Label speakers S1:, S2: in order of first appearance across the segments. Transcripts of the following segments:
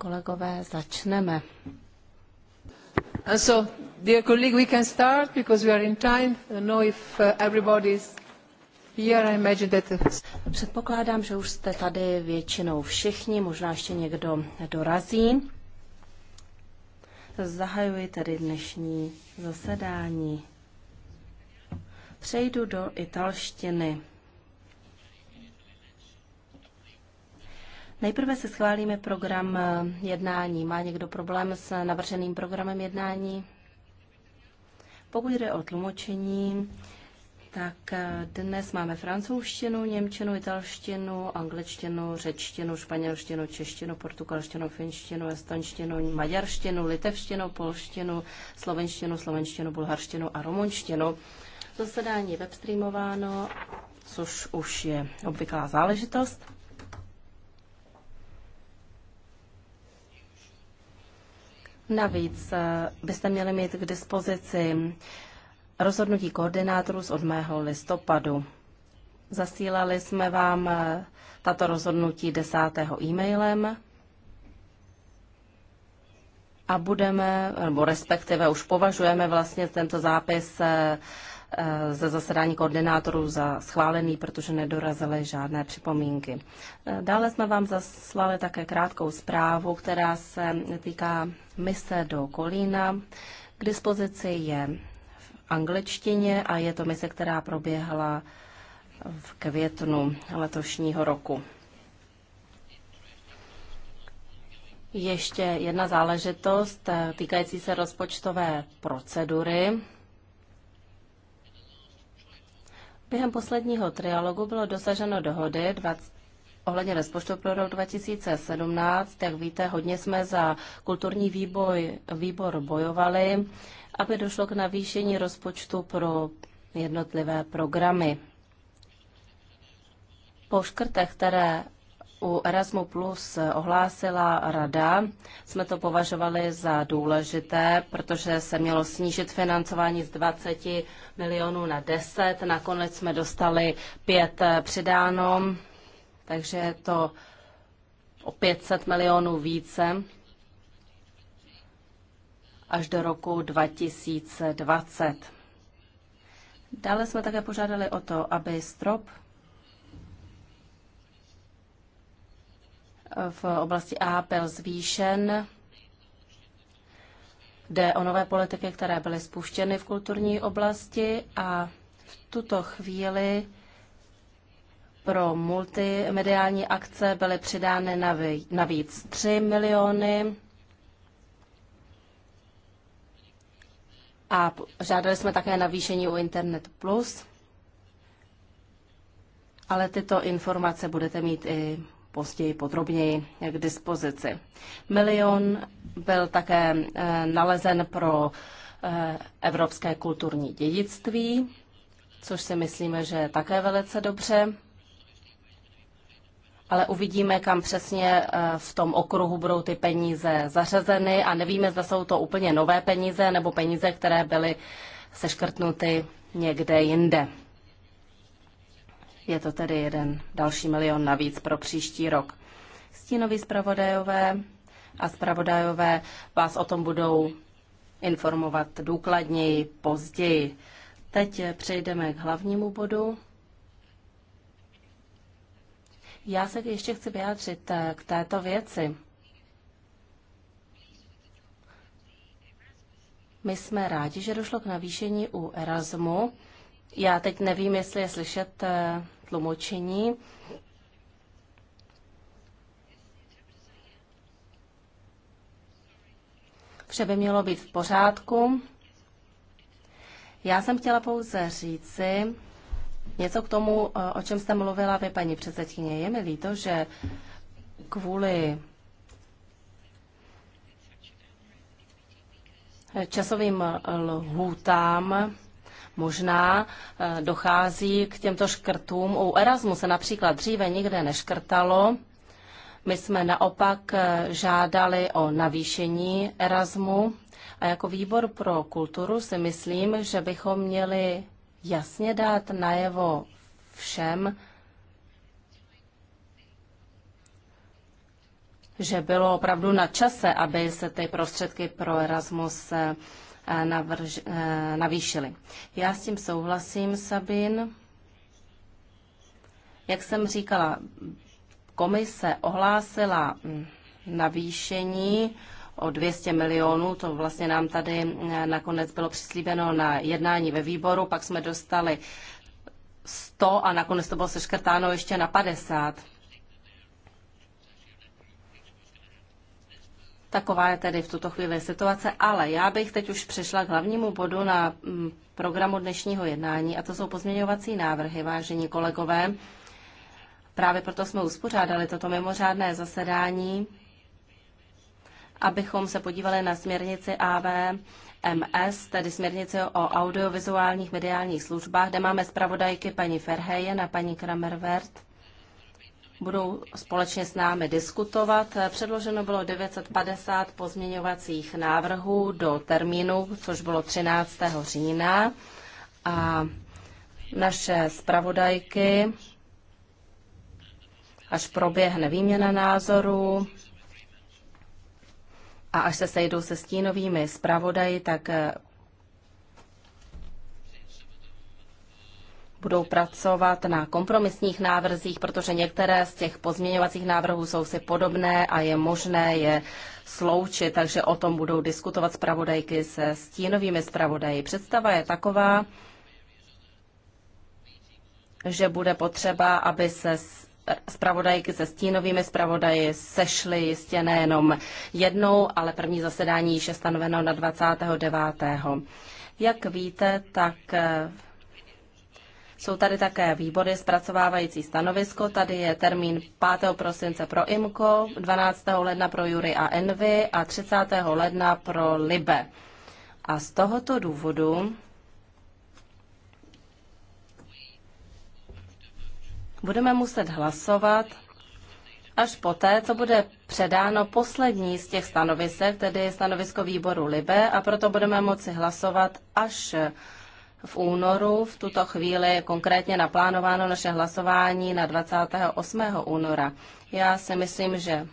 S1: Kolegové, začneme. so, dear colleague, we can start because we are in time. I don't know if uh, everybody is here. I imagine that...
S2: Uh, Předpokládám, že už jste tady většinou všichni, možná ještě někdo dorazí. Zahajuji tedy dnešní zasedání. Přejdu do italštiny. Nejprve se schválíme program eh, jednání. Má někdo problém s navrženým programem jednání? Pokud jde o tlumočení, tak eh, dnes máme francouzštinu, němčinu, italštinu, angličtinu, řečtinu, španělštinu, češtinu, portugalštinu, finštinu, estonštinu, maďarštinu, litevštinu, polštinu, slovenštinu, slovenštinu, bulharštinu a rumunštinu. Zasedání je webstreamováno, což už je obvyklá záležitost. Navíc eh, byste měli mít k dispozici rozhodnutí koordinátorů z 8. listopadu. Zasílali jsme vám eh, tato rozhodnutí 10. e-mailem a budeme, nebo respektive už považujeme vlastně tento zápis eh, Eh, ze zasedání koordinátorů za schválený, protože nedorazily žádné připomínky. Eh, dále jsme vám zaslali také krátkou zprávu, která se týká mise do Kolína. K dispozici je v angličtině a je to mise, která proběhla v květnu letošního roku. Ještě jedna záležitost eh, týkající se rozpočtové procedury. Během posledního trialogu bylo dosaženo dohody 20, ohledně rozpočtu pro rok 2017. Jak víte, hodně jsme za kulturní výboj, výbor bojovali, aby došlo k navýšení rozpočtu pro jednotlivé programy. Po škrtech, které u Erasmu Plus ohlásila rada, jsme to považovali za důležité, protože se mělo snížit financování z 20 milionů na 10, nakonec jsme dostali 5 eh, přidáno, takže je to o 500 milionů více až do roku 2020. Dále jsme také požádali o to, aby strop v oblasti A byl zvýšen Jde o nové politiky, které byly spuštěny v kulturní oblasti a v tuto chvíli pro multimediální akce byly přidány navíc 3 miliony a žádali jsme také navýšení u Internet Plus, ale tyto informace budete mít i později podrobněji k dispozici. Milion byl také eh, nalezen pro eh, evropské kulturní dědictví, což si myslíme, že je také velice dobře. Ale uvidíme, kam přesně eh, v tom okruhu budou ty peníze zařazeny a nevíme, zda jsou to úplně nové peníze nebo peníze, které byly seškrtnuty někde jinde. Je to tedy jeden další milion navíc pro příští rok. Stínoví zpravodajové a zpravodajové vás o tom budou informovat důkladněji později. Teď přejdeme k hlavnímu bodu. Já se ještě chci vyjádřit eh, k této věci. My jsme rádi, že došlo k navýšení u Erasmu. Já teď nevím, jestli je slyšet eh, tlumočení. Vše by mělo být v pořádku. Já jsem chtěla pouze říci něco k tomu, eh, o čem jste mluvila vy, paní předsedkyně. Je mi líto, že kvůli časovým lhůtám Možná eh, dochází k těmto škrtům. U Erasmu se například dříve nikde neškrtalo. My jsme naopak eh, žádali o navýšení Erasmu a jako výbor pro kulturu si myslím, že bychom měli jasně dát najevo všem, že bylo opravdu na čase, aby se ty prostředky pro Erasmus eh, Eh, navrž, eh, navýšili. Já s tím souhlasím, Sabin. Jak jsem říkala, komise ohlásila hm, navýšení o 200 milionů, to vlastně nám tady eh, nakonec bylo přislíbeno na jednání ve výboru, pak jsme dostali 100 a nakonec to bylo seškrtáno ještě na 50. Taková je tedy v tuto chvíli situace, ale já bych teď už přešla k hlavnímu bodu na mm, programu dnešního jednání a to jsou pozměňovací návrhy, vážení kolegové. Právě proto jsme uspořádali toto mimořádné zasedání, abychom se podívali na směrnici AVMS, tedy směrnici o audiovizuálních mediálních službách, kde máme zpravodajky paní Ferheje a paní Kramerwert budou společně s námi diskutovat. Předloženo bylo 950 pozměňovacích návrhů do termínu, což bylo 13. října. A naše zpravodajky, až proběhne výměna názorů a až se sejdou se stínovými zpravodaji, tak budou pracovat na kompromisních návrzích, protože některé z těch pozměňovacích návrhů jsou si podobné a je možné je sloučit, takže o tom budou diskutovat zpravodajky se stínovými zpravodaji. Představa je taková, že bude potřeba, aby se zpravodajky se stínovými zpravodaji sešly jistě nejenom jednou, ale první zasedání již je stanoveno na 29. Jak víte, tak jsou tady také výbory zpracovávající stanovisko. Tady je termín 5. prosince pro IMCO, 12. ledna pro Jury a Envy a 30. ledna pro Libe. A z tohoto důvodu budeme muset hlasovat až poté, co bude předáno poslední z těch stanovisek, tedy stanovisko výboru Libe, a proto budeme moci hlasovat až v únoru. V tuto chvíli je konkrétně naplánováno naše hlasování na 28. února. Já si myslím, že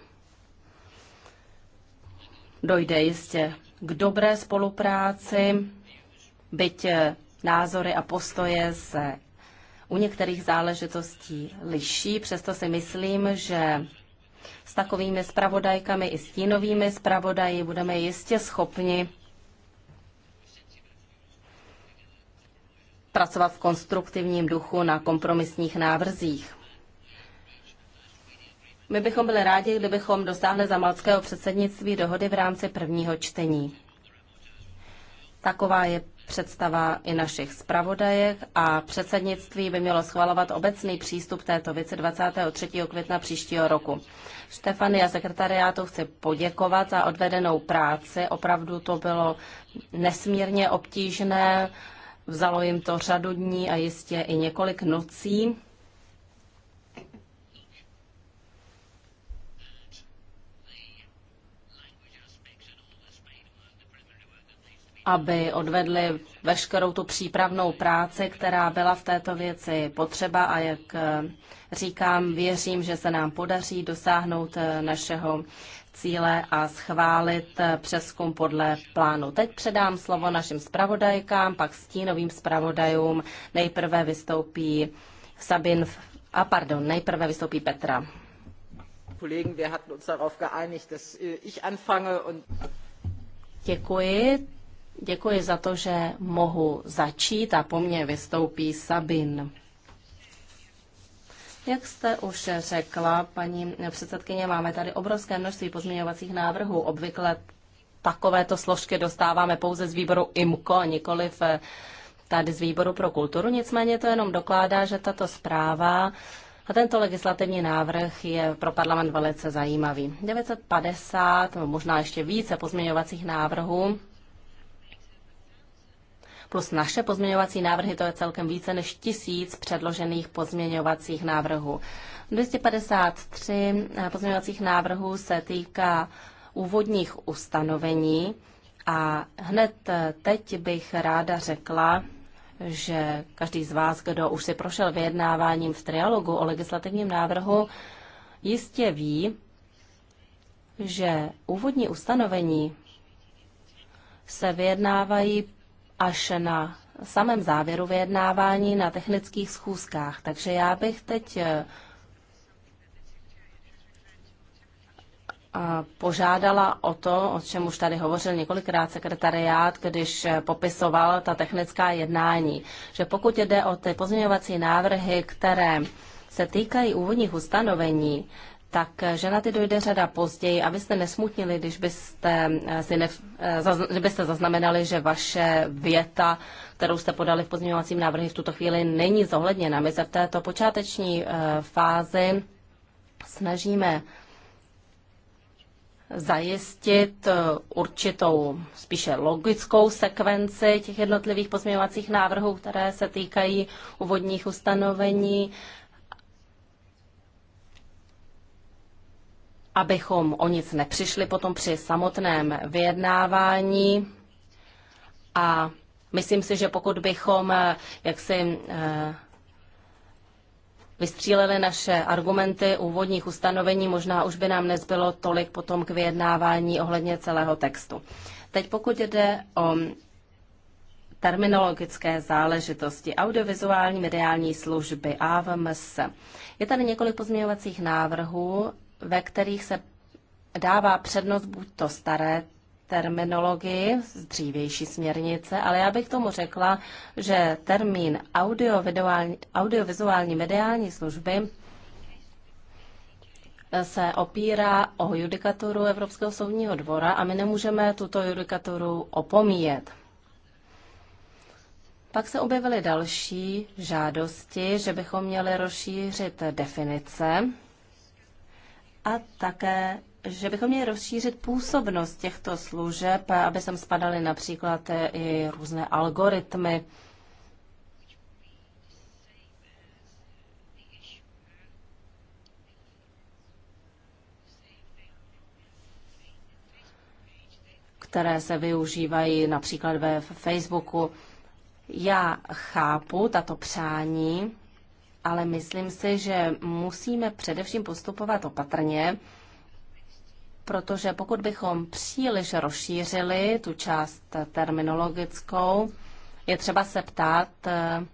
S2: dojde jistě k dobré spolupráci, byť eh, názory a postoje se u některých záležitostí liší. Přesto si myslím, že s takovými spravodajkami i stínovými spravodaji budeme jistě schopni pracovat v konstruktivním duchu na kompromisních návrzích. My bychom byli rádi, kdybychom dosáhli za malckého předsednictví dohody v rámci prvního čtení. Taková je představa i našich zpravodajek a předsednictví by mělo schvalovat obecný přístup této věci 23. května příštího roku. Štefany a sekretariátu chci poděkovat za odvedenou práci. Opravdu to bylo nesmírně obtížné Vzalo jim to řadu dní a jistě i několik nocí. aby odvedli veškerou tu přípravnou práci, která byla v této věci potřeba a jak říkám, věřím, že se nám podaří dosáhnout našeho cíle a schválit přeskum podle plánu. Teď předám slovo našim zpravodajkám, pak stínovým zpravodajům. Nejprve vystoupí Sabin a pardon, nejprve vystoupí Petra. Äh, Děkuji. Děkuji za to, že mohu začít a po mně vystoupí Sabin. Jak jste už řekla, paní předsedkyně, máme tady obrovské množství pozměňovacích návrhů. Obvykle takovéto složky dostáváme pouze z výboru IMKO, nikoliv eh, tady z výboru pro kulturu. Nicméně to jenom dokládá, že tato zpráva a tento legislativní návrh je pro parlament velice zajímavý. 950, no, možná ještě více pozměňovacích návrhů plus naše pozměňovací návrhy, to je celkem více než tisíc předložených pozměňovacích návrhů. 253 eh, pozměňovacích návrhů se týká úvodních ustanovení a hned eh, teď bych ráda řekla, že každý z vás, kdo už si prošel vyjednáváním v trialogu o legislativním návrhu, jistě ví, že úvodní ustanovení se vyjednávají až na samém závěru vyjednávání na technických schůzkách. Takže já bych teď eh, požádala o to, o čem už tady hovořil několikrát sekretariát, když eh, popisoval ta technická jednání, že pokud jde o ty pozměňovací návrhy, které se týkají úvodních ustanovení, tak eh, že na ty dojde řada později, abyste nesmutnili, když byste, eh, si ne, eh, byste zaznamenali, že vaše věta, kterou jste podali v pozměňovacím návrhu, v tuto chvíli není zohledněna. My se v této počáteční fázi snažíme zajistit určitou spíše logickou sekvenci těch jednotlivých pozměňovacích návrhů, které se týkají úvodních ustanovení. abychom o nic nepřišli potom při samotném vyjednávání. A myslím si, že pokud bychom eh, jaksi eh, vystříleli naše argumenty úvodních ustanovení, možná už by nám nezbylo tolik potom k vyjednávání ohledně celého textu. Teď pokud jde o terminologické záležitosti, audiovizuální mediální služby, AVMS. Je tady několik pozměňovacích návrhů ve kterých se dává přednost buď to staré terminologii z dřívější směrnice, ale já bych tomu řekla, že termín audiovizuální, mediální služby se opírá o judikaturu Evropského soudního dvora a my nemůžeme tuto judikaturu opomíjet. Pak se objevily další žádosti, že bychom měli rozšířit definice a také, že bychom měli rozšířit působnost těchto služeb, aby sem spadaly například eh, i různé algoritmy. které se využívají například ve Facebooku. Já chápu tato přání, ale myslím si, že musíme především postupovat opatrně, protože pokud bychom příliš rozšířili tu část terminologickou, je třeba se ptát, eh,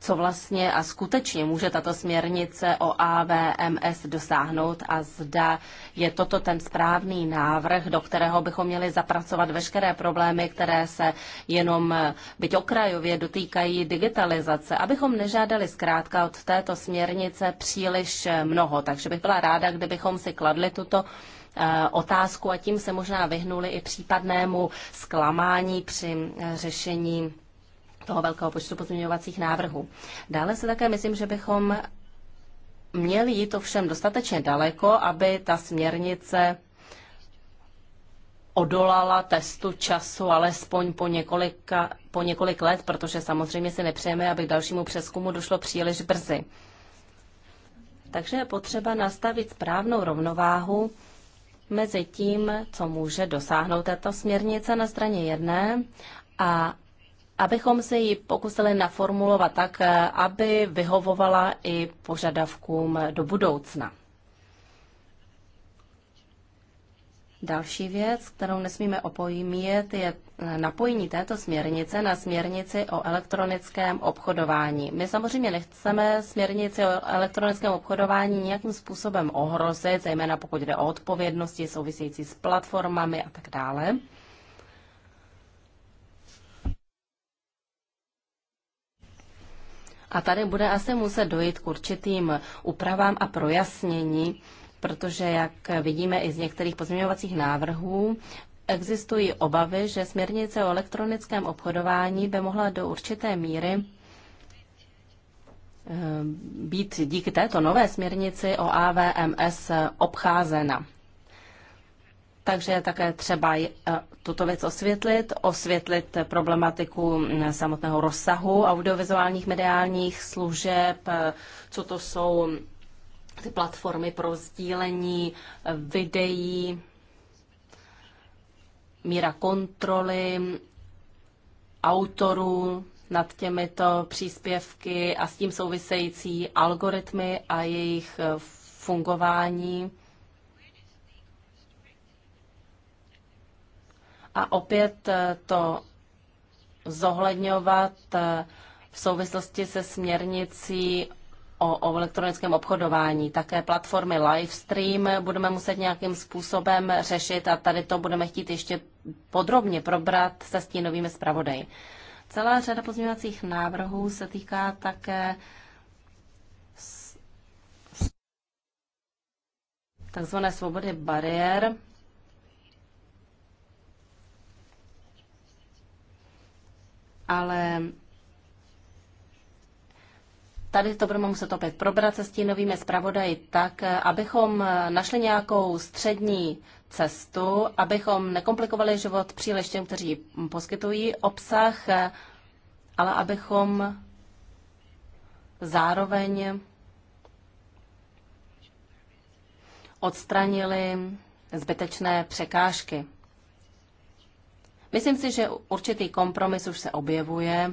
S2: co vlastně a skutečně může tato směrnice o AVMS dosáhnout a zda je toto ten správný návrh, do kterého bychom měli zapracovat veškeré problémy, které se jenom byť okrajově dotýkají digitalizace, abychom nežádali zkrátka od této směrnice příliš mnoho. Takže bych byla ráda, kdybychom si kladli tuto eh, otázku a tím se možná vyhnuli i případnému zklamání při eh, řešení toho velkého počtu pozměňovacích návrhů. Dále se také myslím, že bychom měli jít ovšem dostatečně daleko, aby ta směrnice odolala testu času alespoň po, několika, po několik let, protože samozřejmě si nepřejeme, aby k dalšímu přeskumu došlo příliš brzy. Takže je potřeba nastavit správnou rovnováhu mezi tím, co může dosáhnout tato směrnice na straně jedné a abychom se ji pokusili naformulovat tak, eh, aby vyhovovala i požadavkům do budoucna. Další věc, kterou nesmíme opojímět, je eh, napojení této směrnice na směrnici o elektronickém obchodování. My samozřejmě nechceme směrnici o elektronickém obchodování nějakým způsobem ohrozit, zejména pokud jde o odpovědnosti související s platformami a tak dále. A tady bude asi muset dojít k určitým úpravám a projasnění, protože, jak vidíme i z některých pozměňovacích návrhů, existují obavy, že směrnice o elektronickém obchodování by mohla do určité míry eh, být díky této nové směrnici o AVMS obcházena takže je také třeba eh, tuto věc osvětlit, osvětlit problematiku mm, samotného rozsahu audiovizuálních mediálních služeb, eh, co to jsou ty platformy pro sdílení eh, videí, míra kontroly autorů nad těmito příspěvky a s tím související algoritmy a jejich fungování a opět eh, to zohledňovat eh, v souvislosti se směrnicí o, o elektronickém obchodování. Také platformy Livestream budeme muset nějakým způsobem řešit a tady to budeme chtít ještě podrobně probrat se stínovými zpravodaji. Celá řada pozměňovacích návrhů se týká také takzvané svobody bariér. ale Tady to budeme muset opět probrat se stínovými zpravodaji tak, abychom našli nějakou střední cestu, abychom nekomplikovali život příliš těm, kteří poskytují obsah, ale abychom zároveň odstranili zbytečné překážky. Myslím si, že určitý kompromis už se objevuje.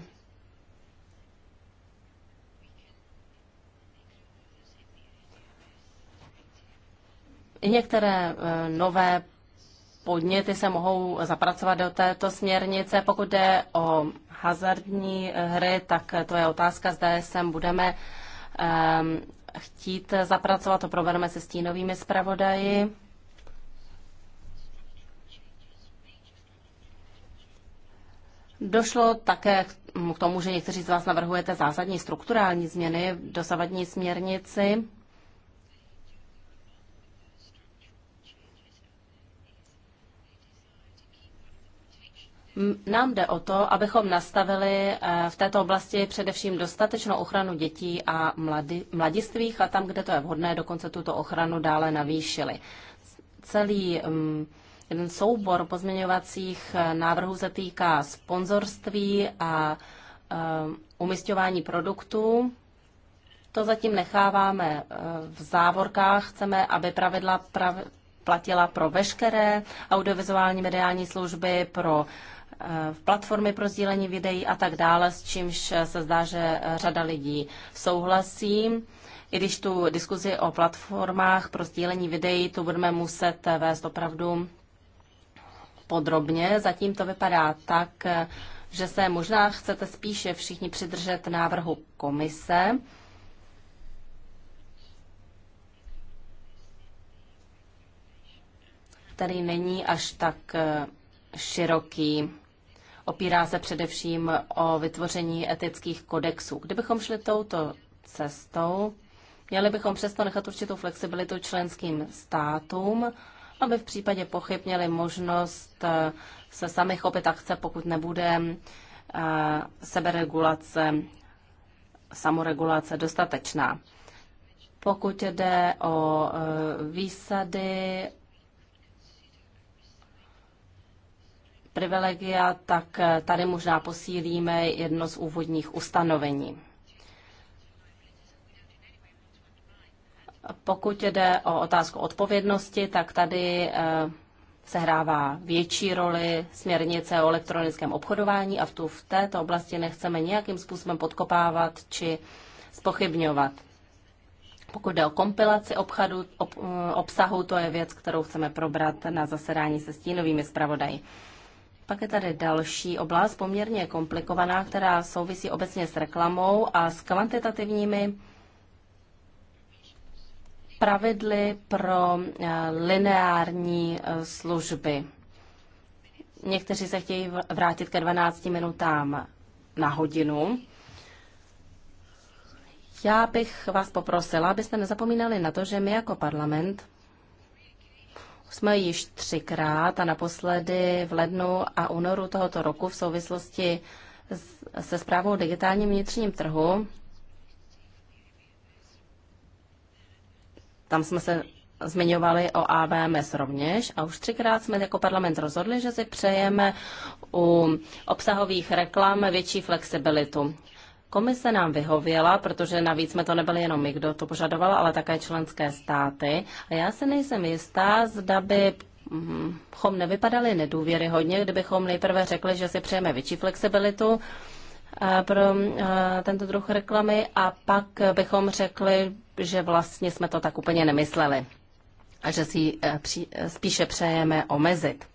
S2: I některé e, nové podněty se mohou zapracovat do této směrnice. Pokud jde o hazardní hry, tak to je otázka, zda sem budeme e, chtít zapracovat, to probereme se stínovými zpravodaji. Došlo také k tomu, že někteří z vás navrhujete zásadní strukturální změny v dosavadní směrnici. Nám jde o to, abychom nastavili eh, v této oblasti především dostatečnou ochranu dětí a mladistvých a tam, kde to je vhodné, dokonce tuto ochranu dále navýšili. Celý mm, Jeden soubor pozměňovacích eh, návrhů se týká sponzorství a eh, umistování produktů. To zatím necháváme eh, v závorkách. Chceme, aby pravidla prav... platila pro veškeré audiovizuální mediální služby, pro platformy pro sdílení videí a tak dále, s čímž se zdá, že řada lidí souhlasí. I když tu diskuzi o platformách pro sdílení videí tu budeme muset vést opravdu podrobně. Zatím to vypadá tak, že se možná chcete spíše všichni přidržet návrhu komise. který není až tak eh, široký. Opírá se především o vytvoření etických kodexů. Kdybychom šli touto cestou, měli bychom přesto nechat určitou flexibilitu členským státům, aby v případě pochyb měli možnost eh, se sami chopit akce, pokud nebude eh, seberegulace, samoregulace dostatečná. Pokud jde o eh, výsady, privilegia, tak tady možná posílíme jedno z úvodních ustanovení. Pokud jde o otázku odpovědnosti, tak tady eh, sehrává větší roli směrnice o elektronickém obchodování a v, tu, v této oblasti nechceme nějakým způsobem podkopávat či spochybňovat. Pokud jde o kompilaci obchadu, ob, eh, obsahu, to je věc, kterou chceme probrat na zasedání se stínovými zpravodaji. Pak je tady další oblast, poměrně komplikovaná, která souvisí obecně s reklamou a s kvantitativními pravidly pro eh, lineární eh, služby. Někteří se chtějí vrátit ke 12 minutám na hodinu. Já bych vás poprosila, abyste nezapomínali na to, že my jako parlament jsme již třikrát a naposledy v lednu a únoru tohoto roku v souvislosti se zprávou o digitálním vnitřním trhu Tam jsme se zmiňovali o AVMS rovněž a už třikrát jsme jako parlament rozhodli, že si přejeme u obsahových reklam větší flexibilitu. Komise nám vyhověla, protože navíc jsme to nebyli jenom my, kdo to požadoval, ale také členské státy. A já se nejsem jistá, zda by bychom mm, nevypadali nedůvěryhodně, kdybychom nejprve řekli, že si přejeme větší flexibilitu Eh, pro eh, tento druh reklamy a pak bychom řekli, že vlastně jsme to tak úplně nemysleli a že si ji eh, spíše přejeme omezit.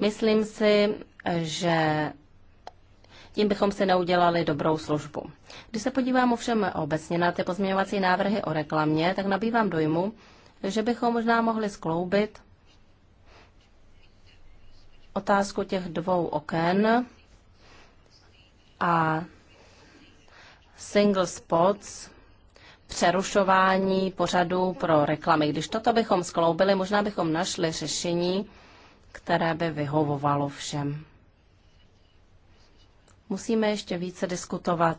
S2: Myslím si, že tím bychom si neudělali dobrou službu. Když se podívám ovšem obecně na ty pozměňovací návrhy o reklamě, tak nabývám dojmu, že bychom možná mohli skloubit otázku těch dvou oken, a single spots, přerušování pořadu pro reklamy. Když toto bychom skloubili, možná bychom našli řešení, které by vyhovovalo všem. Musíme ještě více diskutovat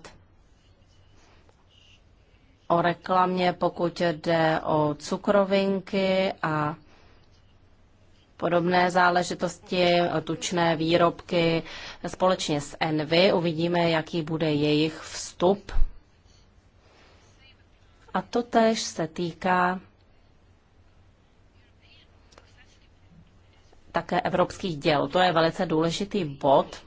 S2: o reklamě, pokud jde o cukrovinky a podobné záležitosti, tučné výrobky společně s Envy. Uvidíme, jaký bude jejich vstup. A to tež se týká také evropských děl. To je velice důležitý bod,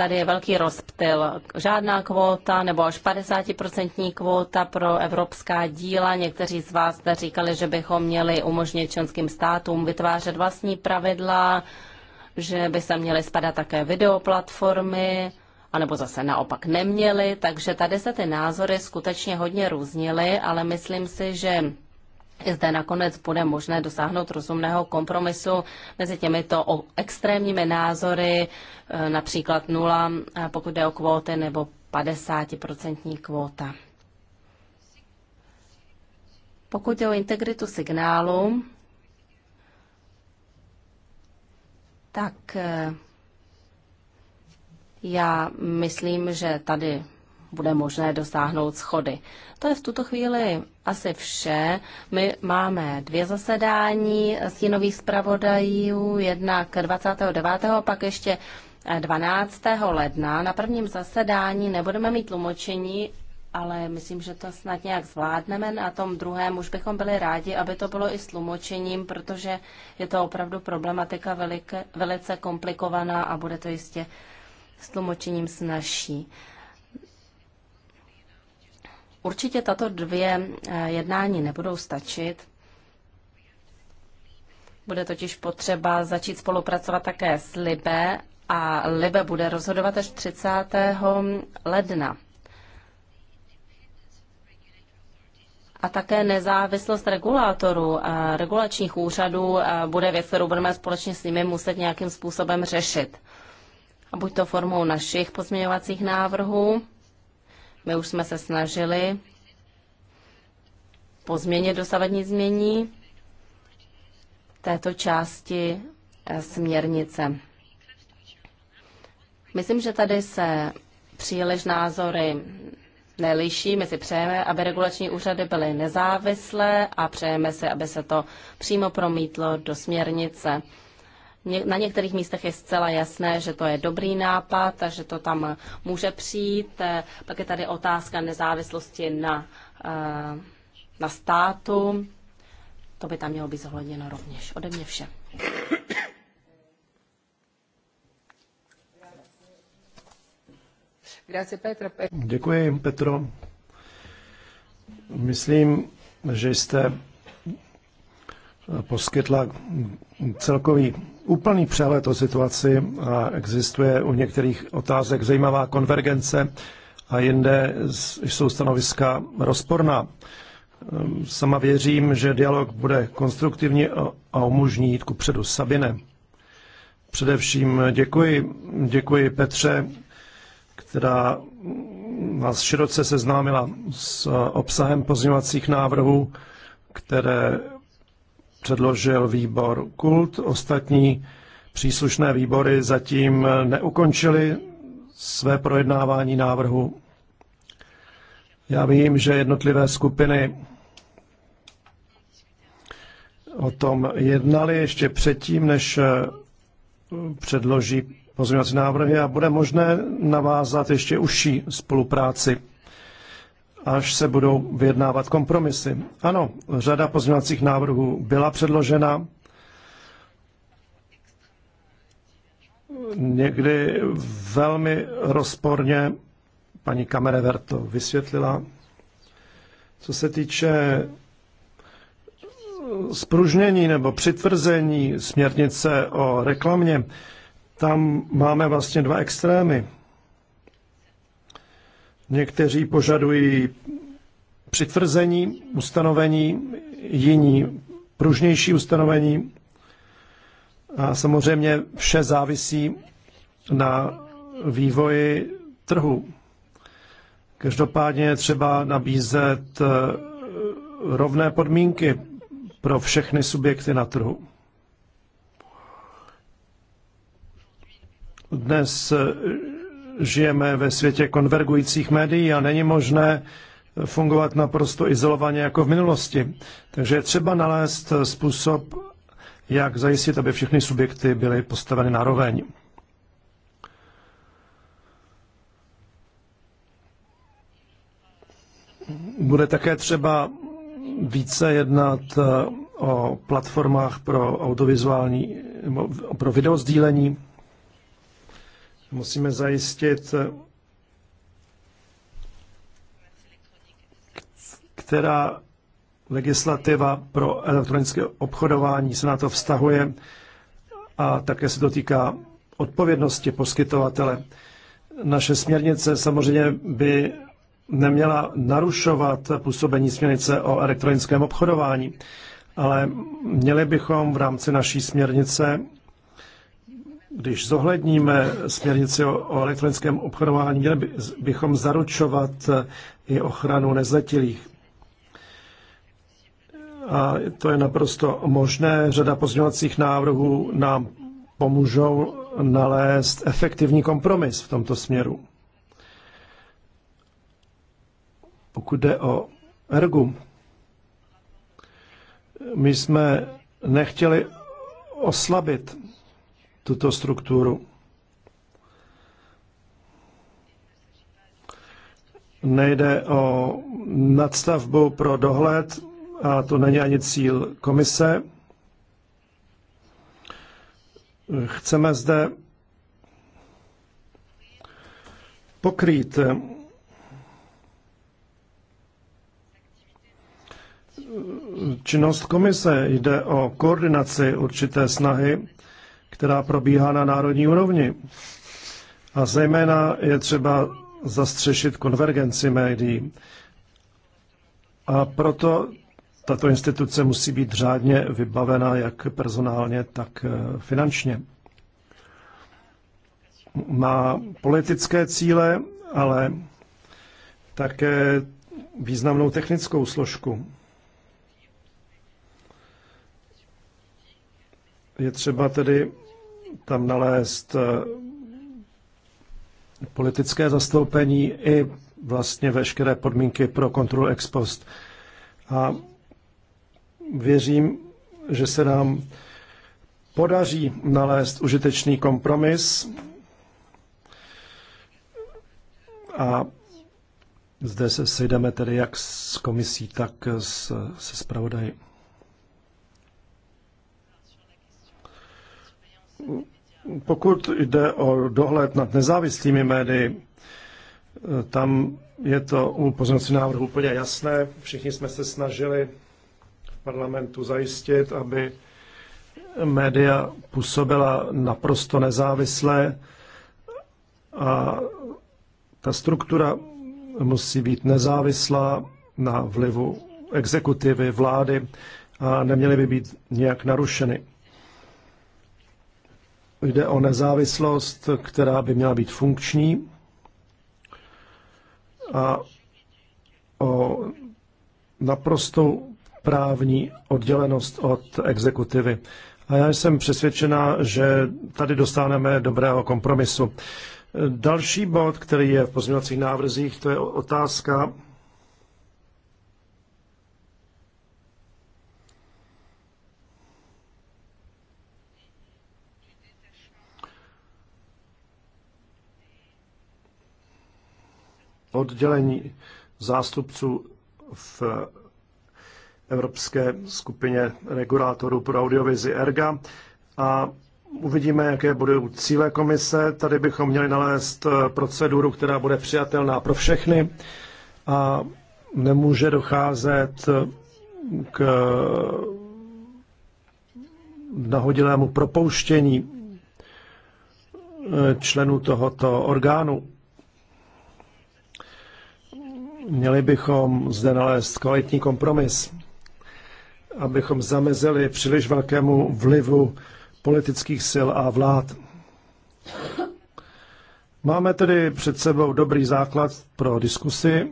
S2: tady je velký rozptyl. Žádná kvóta nebo až 50% kvóta pro evropská díla. Někteří z vás jste říkali, že bychom měli umožnit členským státům vytvářet vlastní pravidla, že by se měly spadat také videoplatformy, anebo zase naopak neměly. Takže tady se ty názory skutečně hodně různily, ale myslím si, že zde nakonec bude možné dosáhnout rozumného kompromisu mezi těmito extrémními názory, e, například nula, e, pokud jde o kvóty, nebo 50% kvóta. Pokud jde o integritu signálu, tak e, já myslím, že tady bude možné dosáhnout schody. To je v tuto chvíli asi vše. My máme dvě zasedání stínových zpravodajů, jednak 29. a pak ještě 12. ledna. Na prvním zasedání nebudeme mít tlumočení, ale myslím, že to snad nějak zvládneme. Na tom druhém už bychom byli rádi, aby to bylo i s tlumočením, protože je to opravdu problematika velice komplikovaná a bude to jistě s tlumočením snažší. Určitě tato dvě eh, jednání nebudou stačit. Bude totiž potřeba začít spolupracovat také s Libe a Libe bude rozhodovat až 30. ledna. A také nezávislost regulátorů a eh, regulačních úřadů eh, bude věc, kterou budeme společně s nimi muset nějakým způsobem řešit. A buď to formou našich pozměňovacích návrhů, my už jsme se snažili pozměnit dosavadní změní této části eh, směrnice. Myslím, že tady se příliš názory neliší. My si přejeme, aby regulační úřady byly nezávislé a přejeme si, aby se to přímo promítlo do směrnice na některých místech je zcela jasné, že to je dobrý nápad, že to tam může přijít. Eh, Pak je tady otázka nezávislosti na, eh, na státu. To by tam mělo být zohledněno rovněž. Ode mě vše.
S3: Děkuji, Petro. Myslím, že jste poskytla celkový úplný přehled o situaci a existuje u některých otázek zajímavá konvergence a jinde jsou stanoviska rozporná. Ehm, sama věřím, že dialog bude konstruktivní a umožní jít ku předu. Sabine. Především děkuji, děkuji Petře, která nás široce seznámila s obsahem pozměňovacích návrhů, které předložil výbor Kult. Ostatní příslušné výbory zatím neukončily své projednávání návrhu. Já vím, že jednotlivé skupiny o tom jednali ještě předtím, než eh, předloží pozměňovací návrhy a bude možné navázat ještě užší spolupráci až se budou vyjednávat kompromisy. Ano, řada pozměňovacích návrhů byla předložena. Někdy velmi rozporně paní Kamerever to vysvětlila. Co se týče spružnění nebo přitvrzení směrnice o reklamě, tam máme vlastně dva extrémy. Někteří požadují přitvrzení ustanovení, jiní pružnější ustanovení. A samozřejmě vše závisí na vývoji trhu. Každopádně je třeba nabízet eh, rovné podmínky pro všechny subjekty na trhu. Dnes eh, žijeme ve světě konvergujících médií a není možné fungovat naprosto izolovaně jako v minulosti. Takže je třeba nalézt způsob, jak zajistit, aby všechny subjekty byly postaveny roveň. Bude také třeba více jednat eh, o platformách pro audiovizuální, pro videozdílení, Musíme zajistit, která legislativa pro elektronické obchodování se na to vztahuje a také se dotýká odpovědnosti poskytovatele. Naše směrnice samozřejmě by neměla narušovat působení směrnice o elektronickém obchodování, ale měli bychom v rámci naší směrnice když zohledníme směrnici o elektronickém obchodování, měli bychom zaručovat eh, i ochranu nezletilých. A to je naprosto možné. Řada pozměňovacích návrhů nám pomůžou nalézt efektivní kompromis v tomto směru. Pokud jde o ergu, my jsme nechtěli oslabit tuto strukturu. Nejde o nadstavbu pro dohled a to není ani cíl komise. Chceme zde pokrýt činnost komise. Jde o koordinaci určité snahy která probíhá na národní úrovni. A zejména je třeba zastřešit konvergenci médií. A proto tato instituce musí být řádně vybavena jak personálně, tak eh, finančně. Má politické cíle, ale také významnou technickou složku. Je třeba tedy tam nalézt eh, politické zastoupení i vlastně veškeré podmínky pro kontrolu ex post. A věřím, že se nám podaří nalézt užitečný kompromis a zde se sejdeme tedy jak s komisí, tak se, se spravodají. Pokud jde o dohled nad nezávislými médii, tam je to u pozornosti návrhu úplně jasné. Všichni jsme se snažili v parlamentu zajistit, aby média působila naprosto nezávisle a ta struktura musí být nezávislá na vlivu exekutivy, vlády a neměly by být nějak narušeny. Jde o nezávislost, která by měla být funkční a o naprostou právní oddělenost od exekutivy. A já jsem přesvědčena, že tady dostaneme dobrého kompromisu. Další bod, který je v pozměňovacích návrzích, to je otázka oddělení zástupců v Evropské skupině regulátorů pro audiovizi ERGA a uvidíme, jaké budou cíle komise. Tady bychom měli nalézt proceduru, která bude přijatelná pro všechny a nemůže docházet k nahodilému propouštění členů tohoto orgánu. Měli bychom zde nalézt kvalitní kompromis, abychom zamezili příliš velkému vlivu politických sil a vlád. Máme tedy před sebou dobrý základ pro diskusi,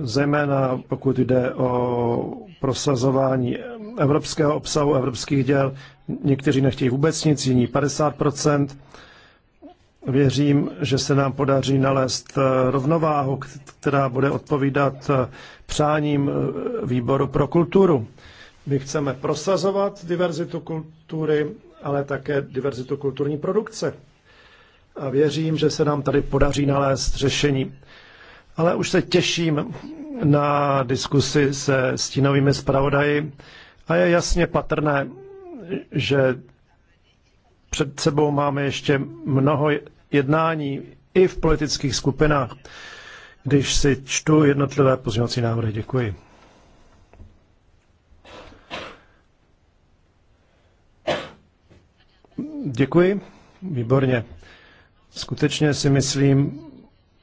S3: zejména pokud jde o prosazování evropského obsahu, evropských děl. Někteří nechtějí vůbec nic, jiní 50 Věřím, že se nám podaří nalézt eh, rovnováhu, která bude odpovídat eh, přáním eh, výboru pro kulturu. My chceme prosazovat diverzitu kultury, ale také diverzitu kulturní produkce. A věřím, že se nám tady podaří nalézt řešení. Ale už se těším na diskusi se stínovými zpravodaji a je jasně patrné, že před sebou máme ještě mnoho jednání i v politických skupinách, když si čtu jednotlivé pozměňovací návrhy. Děkuji. Děkuji, výborně. Skutečně si myslím,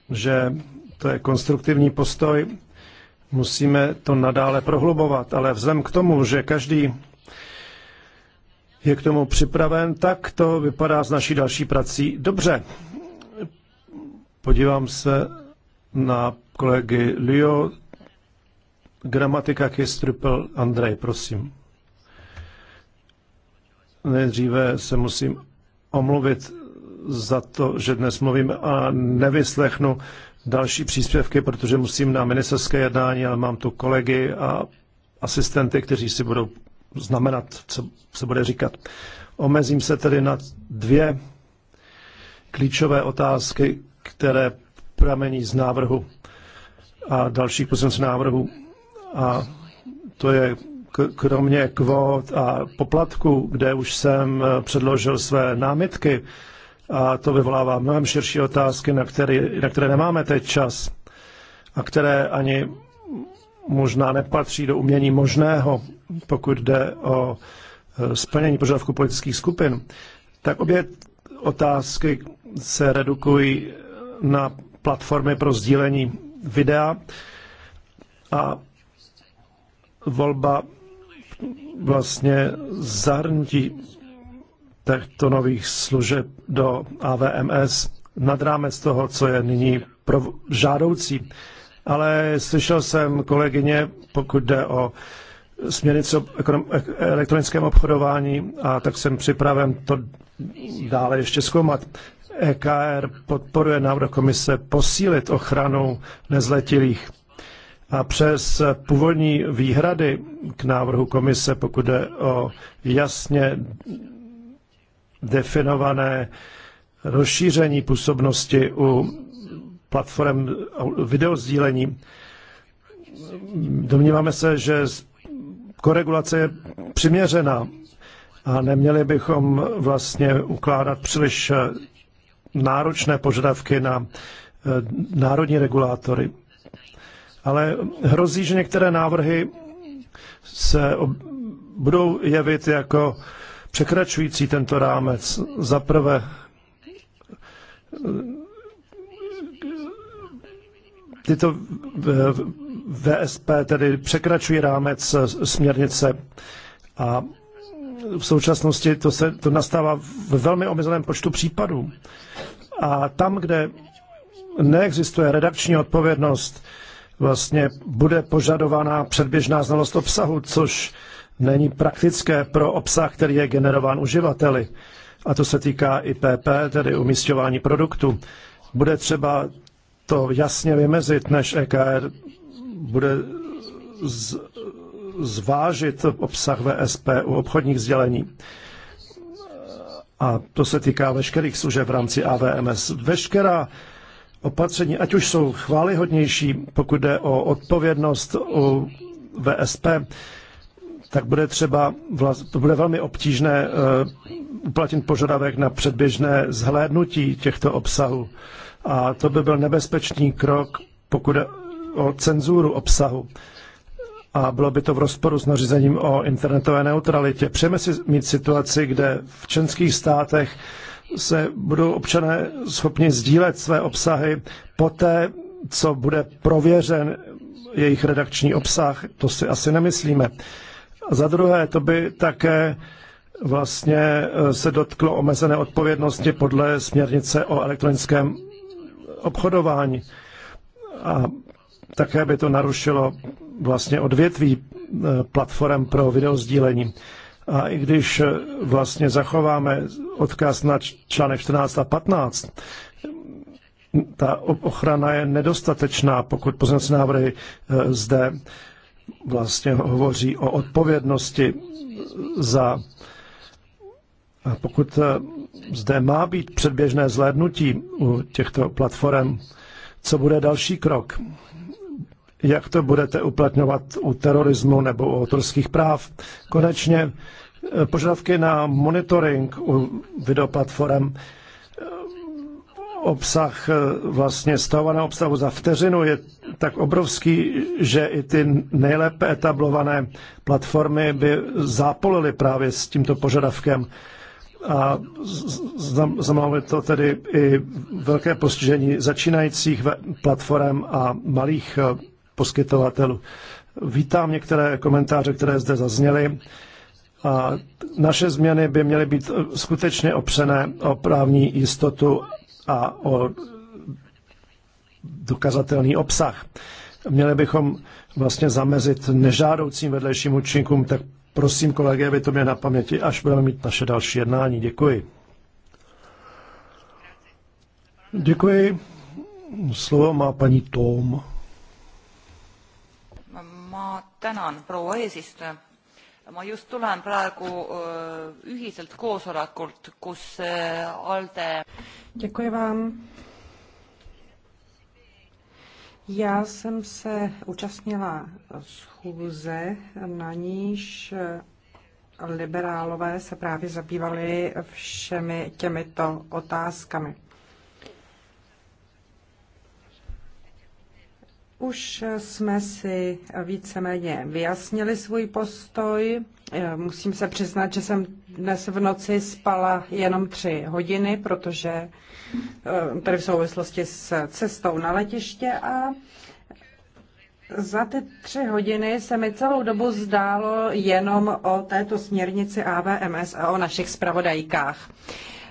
S3: že to je konstruktivní postoj. Musíme to nadále prohlubovat, ale vzhledem k tomu, že každý je k tomu připraven, tak to vypadá s naší další prací dobře. Podívám se na kolegy Leo, gramatika Kistrupel, Andrej, prosím. Nejdříve se musím omluvit za to, že dnes mluvím a nevyslechnu další příspěvky, protože musím na ministerské jednání, ale mám tu kolegy a asistenty, kteří si budou znamenat, co se bude říkat. Omezím se tedy na dvě klíčové otázky, které pramení z návrhu a dalších poslanců návrhů. A to je kromě kvót a poplatků, kde už jsem předložil své námitky, a to vyvolává mnohem širší otázky, na které, na které nemáme teď čas a které ani možná nepatří do umění možného, pokud jde o e, splnění požadavků politických skupin, tak obě otázky se redukují na platformy pro sdílení videa a volba vlastně zahrnutí těchto nových služeb do AVMS nad rámec toho, co je nyní žádoucí ale slyšel jsem kolegyně, pokud jde o směrnici o e- elektronickém obchodování a tak jsem připraven to dále ještě zkoumat. EKR podporuje návrh komise posílit ochranu nezletilých. A přes původní výhrady k návrhu komise, pokud jde o jasně definované rozšíření působnosti u platform videozdílení. Domníváme se, že koregulace je přiměřená a neměli bychom vlastně ukládat příliš eh, náročné požadavky na eh, národní regulátory. Ale hrozí, že některé návrhy se budou jevit jako překračující tento rámec. Za prvé Tyto eh, VSP tedy překračují rámec eh, směrnice a v současnosti to, se, to nastává v velmi omezeném počtu případů. A tam, kde neexistuje redakční odpovědnost, vlastně bude požadovaná předběžná znalost obsahu, což není praktické pro obsah, který je generován uživateli. A to se týká i PP, tedy umístěvání produktu. Bude třeba to jasně vymezit, než EKR bude z, zvážit obsah VSP u obchodních sdělení. A to se týká veškerých služeb v rámci AVMS. Veškerá opatření, ať už jsou chválihodnější, pokud jde o odpovědnost u VSP, tak bude třeba, to bude velmi obtížné eh, uplatnit požadavek na předběžné zhlédnutí těchto obsahů. A to by byl nebezpečný krok, pokud o cenzuru obsahu. A bylo by to v rozporu s nařízením o internetové neutralitě. Přejeme si mít situaci, kde v členských státech se budou občané schopni sdílet své obsahy poté, co bude prověřen jejich redakční obsah. To si asi nemyslíme. A za druhé, to by také vlastně eh, se dotklo omezené odpovědnosti podle směrnice o elektronickém obchodování. A také by to narušilo vlastně odvětví eh, platform pro videozdílení. A i když eh, vlastně zachováme odkaz na článek 14 a 15, ta ochrana je nedostatečná, pokud pozornost návrhy eh, zde vlastně hovoří o odpovědnosti za a pokud eh, zde má být předběžné zhlédnutí u těchto platform, co bude další krok? Jak to budete uplatňovat u terorismu nebo u autorských práv? Konečně eh, požadavky na monitoring u videoplatform eh, obsah vlastně stavovaného obsahu za vteřinu je tak obrovský, že i ty nejlépe etablované platformy by zápolily právě s tímto požadavkem a znamená to tedy i velké postižení začínajících platform a malých eh, poskytovatelů. Vítám některé komentáře, které zde zazněly. A naše změny by měly být eh, skutečně opřené o právní jistotu a o dokazatelný obsah. Měli bychom vlastně zamezit nežádoucím vedlejším účinkům tak Prosím kolegy, aby to mě na paměti, až budeme mít naše další jednání. Děkuji. Děkuji. Slovo má paní Tom.
S1: Ma tenan pro eesistuja. Ma just tulen praegu äh, ühiselt koosolekult, kus äh, ALDE... Děkuji vám.
S4: Já jsem se účastnila schůze, na níž eh, liberálové se právě zabývali všemi těmito otázkami. Už jsme si víceméně vyjasnili svůj postoj. Eh, musím se přiznat, že jsem dnes v noci spala jenom tři hodiny, protože eh, tady v souvislosti s cestou na letiště a za ty tři hodiny se mi celou dobu zdálo jenom o této směrnici AVMS a o našich zpravodajkách.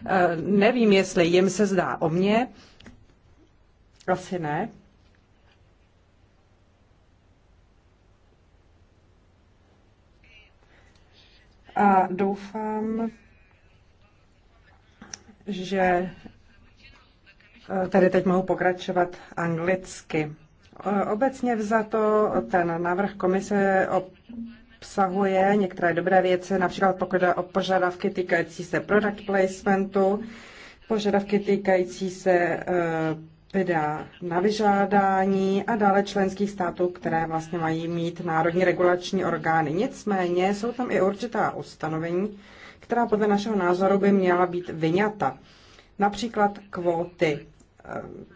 S4: Eh, nevím, jestli jim se zdá o mně, asi ne, a doufám, že e, tady teď mohu pokračovat anglicky. E, obecně vzato ten návrh komise obsahuje některé dobré věci, například pokud jde o požadavky týkající se product placementu, požadavky týkající se e, vydá na vyžádání a dále členských států, které vlastně mají mít národní regulační orgány. Nicméně jsou tam i určitá ustanovení, která podle našeho názoru by měla být vyňata. Například kvóty. Ehm,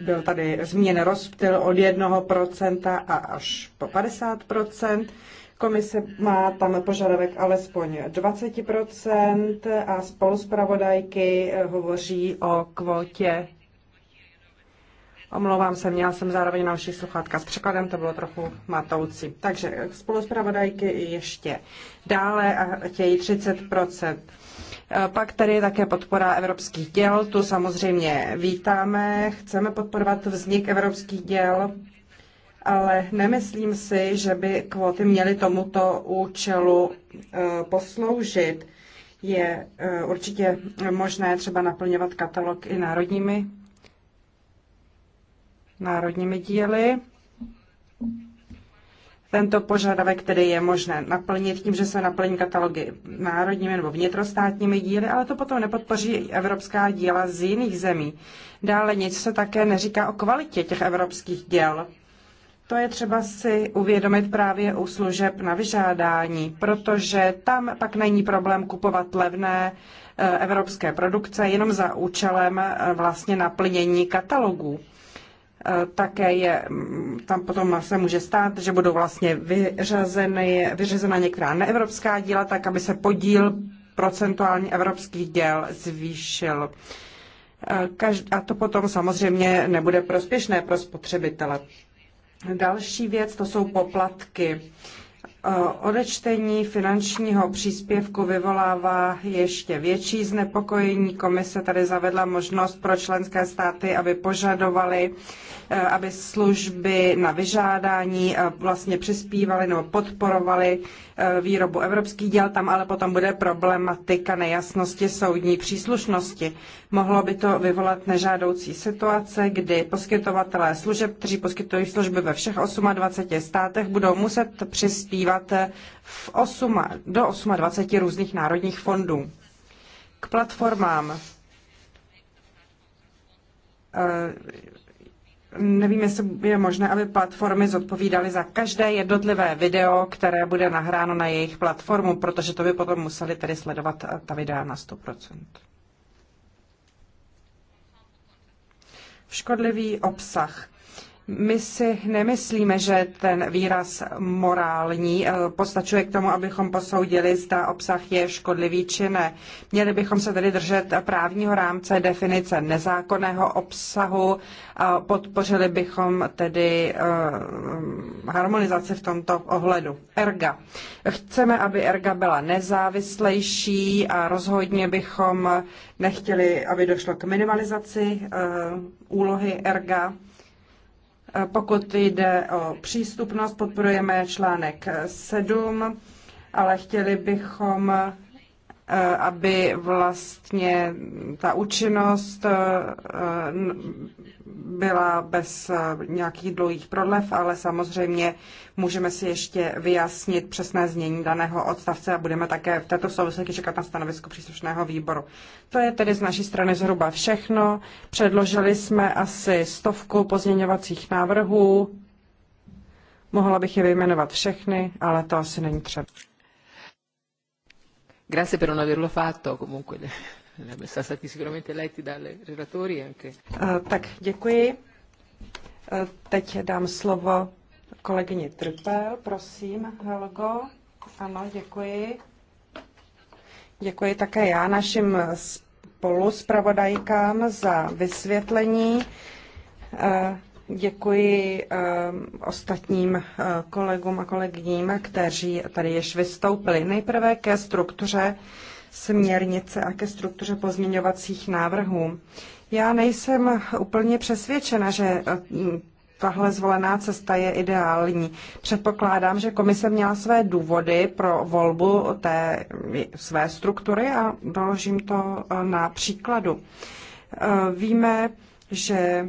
S4: byl tady změn rozptyl od 1% a až po 50%. Komise má tam požadavek alespoň 20% a spoluzpravodajky eh, hovoří o kvotě. Omlouvám se, měla jsem zároveň na uši sluchátka s překladem, to bylo trochu matoucí. Takže eh, spoluzpravodajky ještě dále a chtějí 30%. Eh, pak tady je také podpora evropských děl, tu samozřejmě vítáme, chceme podporovat vznik evropských děl, ale nemyslím si, že by kvóty měly tomuto účelu eh, posloužit. Je eh, určitě možné třeba naplňovat katalog i národními, národními díly. Tento požadavek tedy je možné naplnit tím, že se naplní katalogy národními nebo vnitrostátními díly, ale to potom nepodpoří evropská díla z jiných zemí. Dále nic se také neříká o kvalitě těch evropských děl. To je třeba si uvědomit právě u služeb na vyžádání, protože tam pak není problém kupovat levné eh, evropské produkce jenom za účelem eh, vlastně naplnění katalogů. Eh, také je, mm, tam potom se může stát, že budou vlastně vyřazeny, vyřazena některá neevropská díla, tak aby se podíl procentuálně evropských děl zvýšil. A to potom samozřejmě nebude prospěšné pro spotřebitele. Další věc to jsou poplatky. Eh, odečtení finančního příspěvku vyvolává ještě větší znepokojení. Komise tady zavedla možnost pro členské státy, aby požadovaly Eh, aby služby na vyžádání eh, vlastně přispívaly nebo podporovaly eh, výrobu evropských děl. Tam ale potom bude problematika nejasnosti soudní příslušnosti. Mohlo by to vyvolat nežádoucí situace, kdy poskytovatelé služeb, kteří poskytují služby ve všech 28 státech, budou muset přispívat v 8, do 28 různých národních fondů. K platformám Nevím, jestli je možné, aby platformy zodpovídaly za každé jednotlivé video, které bude nahráno na jejich platformu, protože to by potom museli tedy sledovat eh, ta videa na 100%. Škodlivý obsah. My si nemyslíme, že ten výraz morální eh, postačuje k tomu, abychom posoudili, zda obsah je škodlivý či ne. Měli bychom se tedy držet právního rámce definice nezákonného obsahu a podpořili bychom tedy eh, harmonizaci v tomto ohledu. Erga. Chceme, aby Erga byla nezávislejší a rozhodně bychom nechtěli, aby došlo k minimalizaci eh, úlohy Erga. Pokud jde o přístupnost, podporujeme článek 7, ale chtěli bychom, eh, aby vlastně ta účinnost eh, byla bez eh, nějakých dlouhých prodlev, ale samozřejmě můžeme si ještě vyjasnit přesné znění daného odstavce a budeme také v této souvislosti čekat na stanovisko příslušného výboru. To je tedy z naší strany zhruba všechno. Předložili jsme asi stovku pozměňovacích návrhů. Mohla bych je vyjmenovat všechny, ale to asi není třeba. Grazie per non averlo fatto comunque.
S1: E eh,
S4: tak děkuji. Eh, teď dám slovo kolegyni Trpel, prosím, Helgo. Ano, děkuji. Děkuji také já našim spoluspravodajkám za vysvětlení. Eh, děkuji ostatním kolegům a kolegyním, kteří tady již vystoupili. Nejprve ke struktuře směrnice a ke struktuře pozměňovacích návrhů. Já nejsem úplně přesvědčena, že eh, tahle zvolená cesta je ideální. Předpokládám, že komise měla své důvody pro volbu té eh, své struktury a doložím to eh, na příkladu. Víme, že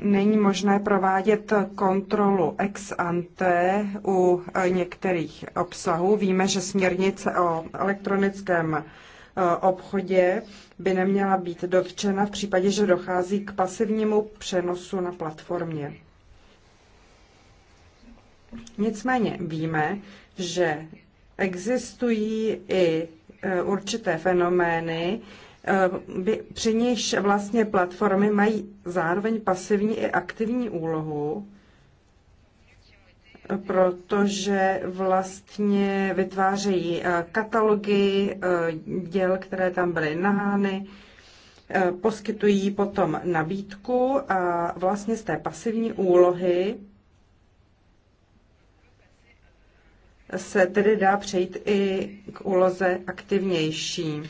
S4: není možné provádět kontrolu ex ante u e, některých obsahů. Víme, že směrnice o elektronickém e, obchodě by neměla být dotčena v případě, že dochází k pasivnímu přenosu na platformě. Nicméně víme, že existují i e, určité fenomény, Eh, při níž vlastně platformy mají zároveň pasivní i aktivní úlohu, protože vlastně vytvářejí eh, katalogy eh, děl, které tam byly nahány, poskytují potom nabídku a vlastně z té pasivní úlohy se tedy dá přejít i k úloze aktivnější.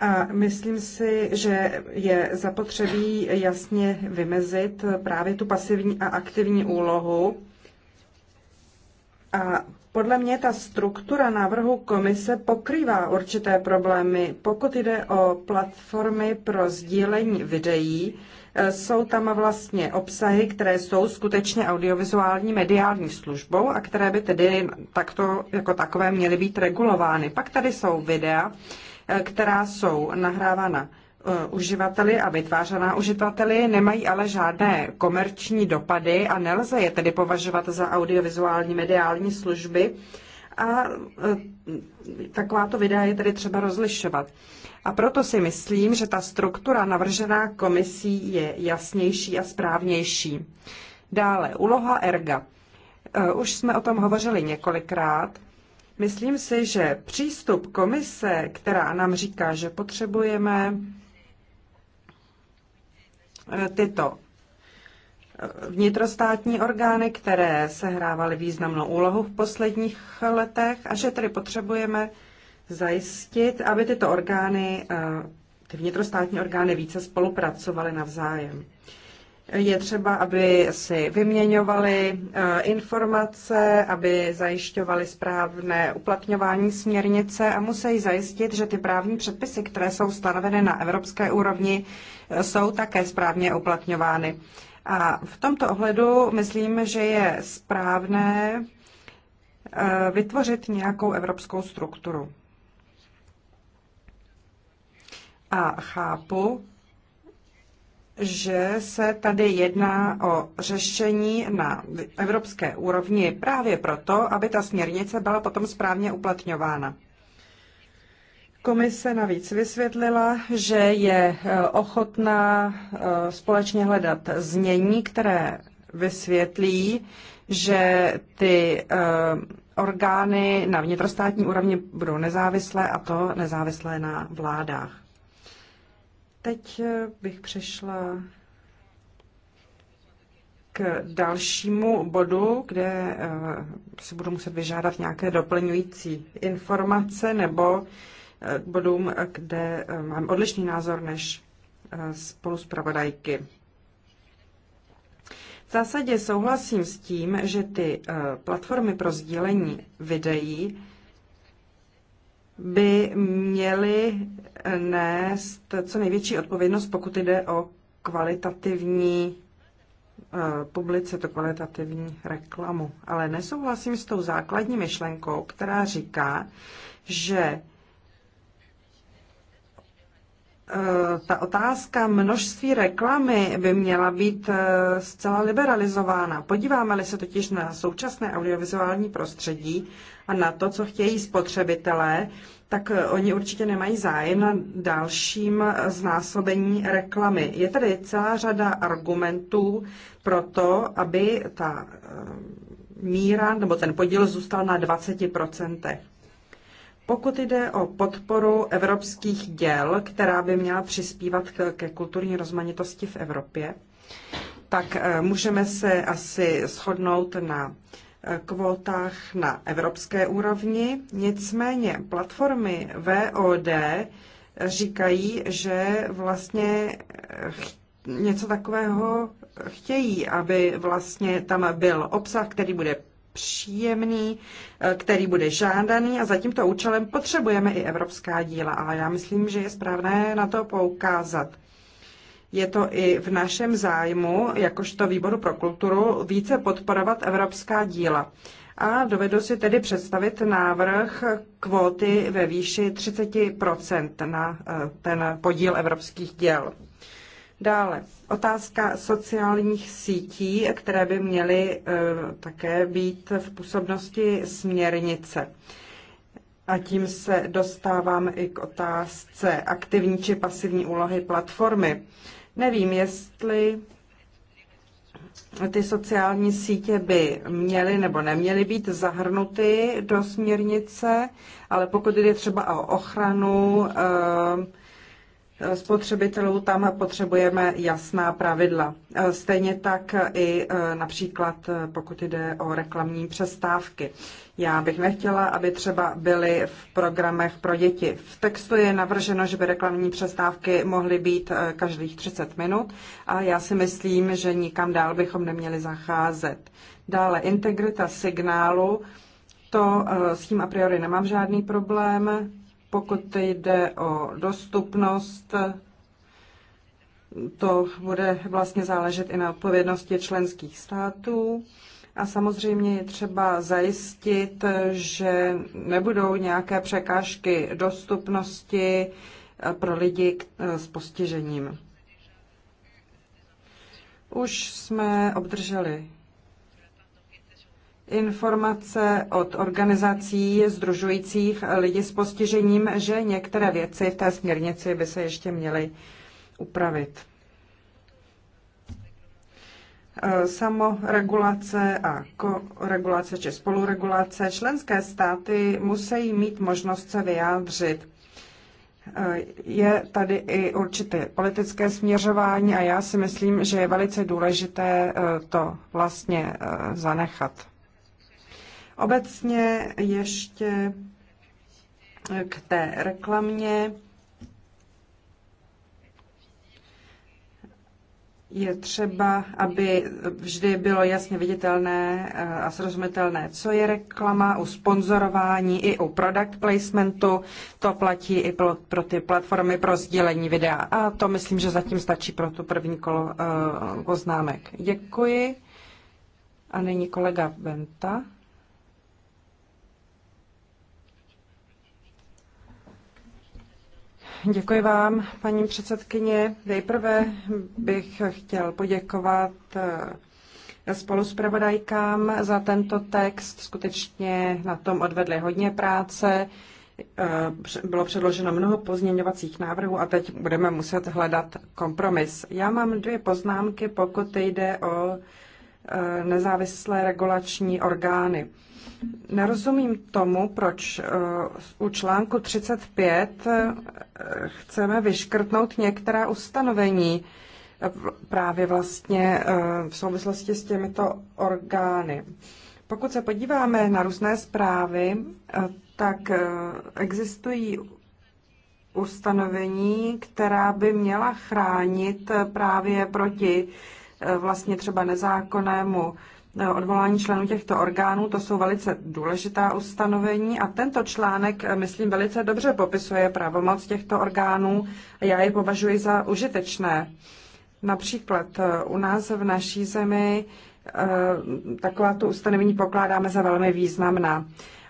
S4: A myslím si, že je zapotřebí jasně vymezit právě tu pasivní a aktivní úlohu. A podle mě ta struktura návrhu komise pokrývá určité problémy. Pokud jde o platformy pro sdílení videí, eh, jsou tam vlastně obsahy, které jsou skutečně audiovizuální mediální službou a které by tedy takto jako takové měly být regulovány. Pak tady jsou videa, která jsou nahrávána eh, uživateli a vytvářená uživateli, nemají ale žádné komerční dopady a nelze je tedy považovat za audiovizuální mediální služby a eh, takováto videa je tedy třeba rozlišovat. A proto si myslím, že ta struktura navržená komisí je jasnější a správnější. Dále, úloha ERGA. Eh, už jsme o tom hovořili několikrát. Myslím si, že přístup komise, která nám říká, že potřebujeme eh, tyto eh, vnitrostátní orgány, které sehrávaly významnou úlohu v posledních letech a že tedy potřebujeme zajistit, aby tyto orgány, eh, ty vnitrostátní orgány více spolupracovaly navzájem. Je třeba, aby si vyměňovali eh, informace, aby zajišťovali správné uplatňování směrnice a musí zajistit, že ty právní předpisy, které jsou stanoveny na evropské úrovni, eh, jsou také správně uplatňovány. A v tomto ohledu myslím, že je správné eh, vytvořit nějakou evropskou strukturu. A chápu, že se tady jedná o řešení na evropské úrovni právě proto, aby ta směrnice byla potom správně uplatňována. Komise navíc vysvětlila, že je e, ochotná e, společně hledat změní, které vysvětlí, že ty e, orgány na vnitrostátní úrovni budou nezávislé a to nezávislé na vládách. Teď eh, bych přešla k dalšímu bodu, kde eh, si budu muset vyžádat nějaké doplňující informace nebo k eh, bodům, kde mám odlišný názor než spolu pravodajky. V zásadě souhlasím s tím, že ty platformy pro sdílení videí by měli nést co největší odpovědnost, pokud jde o kvalitativní eh, to kvalitativní reklamu. Ale nesouhlasím s tou základní myšlenkou, která říká, že Eh, ta otázka množství reklamy by měla být eh, zcela liberalizována. Podíváme-li se totiž na současné audiovizuální prostředí a na to, co chtějí spotřebitelé, tak eh, oni určitě nemají zájem na dalším znásobení reklamy. Je tady celá řada argumentů pro to, aby ta míra nebo ten podíl zůstal na 20%. Pokud jde o podporu evropských děl, která by měla přispívat ke kulturní rozmanitosti v Evropě, tak eh, můžeme se asi shodnout na eh, kvótách na evropské úrovni. Nicméně platformy VOD říkají, že vlastně eh, něco takového chtějí, aby vlastně tam byl obsah, který bude příjemný, eh, který bude žádaný a za tímto účelem potřebujeme i evropská díla. A já myslím, že je správné na to poukázat. Je to i v našem zájmu, jakožto výboru pro kulturu, více podporovat evropská díla. A dovedu si tedy představit návrh kvóty ve výši 30 na eh, ten podíl evropských děl. Dále otázka sociálních sítí, které by měly eh, také být v působnosti směrnice. A tím se dostávám i k otázce aktivní či pasivní úlohy platformy. Nevím, jestli ty sociální sítě by měly nebo neměly být zahrnuty do směrnice, ale pokud jde třeba o ochranu eh, spotřebitelů, tam potřebujeme jasná pravidla. Stejně tak i e, například e, pokud jde o reklamní přestávky. Já bych nechtěla, aby třeba byly v programech pro děti. V textu je navrženo, že by reklamní přestávky mohly být e, každých 30 minut a já si myslím, že nikam dál bychom neměli zacházet. Dále integrita signálu, to s tím a priori nemám žádný problém pokud jde o dostupnost, to bude vlastně záležet i na odpovědnosti členských států. A samozřejmě je třeba zajistit, že nebudou nějaké překážky dostupnosti pro lidi s postižením. Už jsme obdrželi informace od organizací združujících lidi s postižením, že některé věci v té směrnici by se ještě měly upravit. Samoregulace a koregulace či spoluregulace. Členské státy musí mít možnost se vyjádřit. Je tady i určité politické směřování a já si myslím, že je velice důležité to vlastně zanechat. Obecně ještě k té reklamě. je třeba, aby vždy bylo jasně viditelné eh, a srozumitelné, co je reklama u sponzorování i u product placementu. To platí i pro, pro ty platformy pro sdílení videa. A to myslím, že zatím stačí pro tu první kolo uh, poznámek. Děkuji. A nyní kolega Benta. Děkuji vám, paní předsedkyně. Nejprve bych chtěl poděkovat eh, spoluspravodajkám za tento text. Skutečně na tom odvedli hodně práce. Eh, bylo předloženo mnoho pozměňovacích návrhů a teď budeme muset hledat kompromis. Já mám dvě poznámky, pokud jde o eh, nezávislé regulační orgány. Nerozumím tomu, proč eh, u článku 35 eh, chceme vyškrtnout některá ustanovení eh, právě vlastně v souvislosti s těmito orgány. Pokud se podíváme na různé zprávy, tak existují ustanovení, která by měla chránit právě proti vlastně třeba nezákonnému Eh, odvolání členů těchto orgánů. To jsou velice důležitá ustanovení a tento článek, eh, myslím, velice dobře popisuje pravomoc těchto orgánů a já je považuji za užitečné. Například eh, u nás v naší zemi takováto ustanovení pokládáme za velmi významná.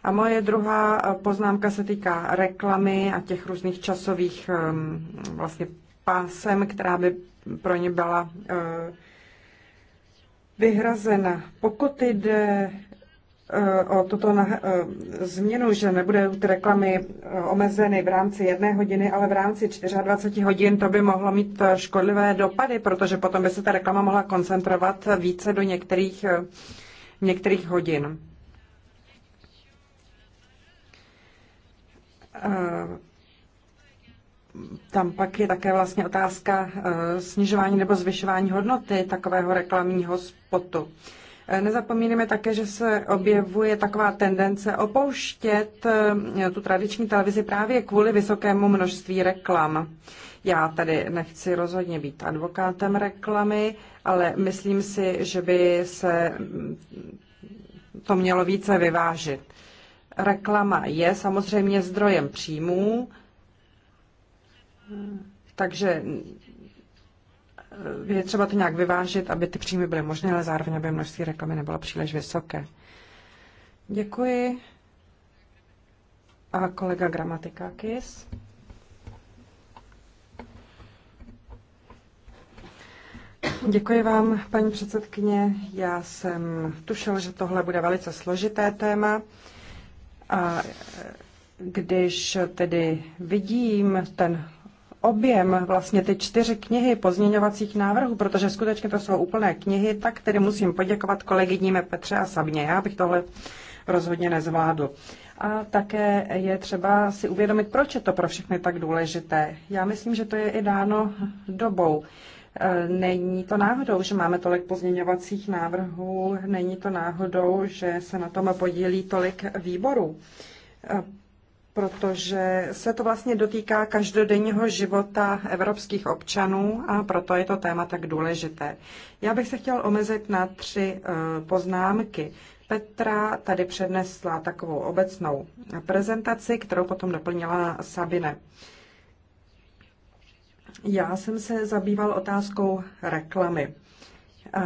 S4: A moje druhá poznámka se týká reklamy a těch různých časových vlastně pásem, která by pro ně byla vyhrazena. Pokud jde eh, o tuto eh, změnu, že nebudou ty reklamy eh, omezeny v rámci jedné hodiny, ale v rámci 24 hodin, to by mohlo mít škodlivé dopady, protože potom by se ta reklama mohla koncentrovat více do některých, některých hodin tam pak je také vlastně otázka eh, snižování nebo zvyšování hodnoty takového reklamního spotu. Eh, Nezapomínáme také, že se objevuje taková tendence opouštět eh, tu tradiční televizi právě kvůli vysokému množství reklam. Já tady nechci rozhodně být advokátem reklamy, ale myslím si, že by se mm, to mělo více vyvážit. Reklama je samozřejmě zdrojem příjmů, takže mm, je třeba to nějak vyvážit, aby ty příjmy byly možné, ale zároveň, aby množství reklamy nebylo příliš vysoké. Děkuji. A kolega gramatika Kis. Děkuji vám, paní předsedkyně. Já jsem tušil, že tohle bude velice složité téma. A když tedy vidím ten objem, vlastně ty čtyři knihy pozměňovacích návrhů, protože skutečně to jsou úplné knihy, tak tedy musím poděkovat kolegyním Petře a Sabně. Já bych tohle rozhodně nezvládl. A také je třeba si uvědomit, proč je to pro všechny tak důležité. Já myslím, že to je i dáno dobou. E, není to náhodou, že máme tolik pozměňovacích návrhů, není to náhodou, že se na tom podílí tolik výborů. E, protože se to vlastně dotýká každodenního života evropských občanů a proto je to téma tak důležité. Já bych se chtěl omezit na tři eh, poznámky. Petra tady přednesla takovou obecnou prezentaci, kterou potom doplnila Sabine. Já jsem se zabýval otázkou reklamy. Eh,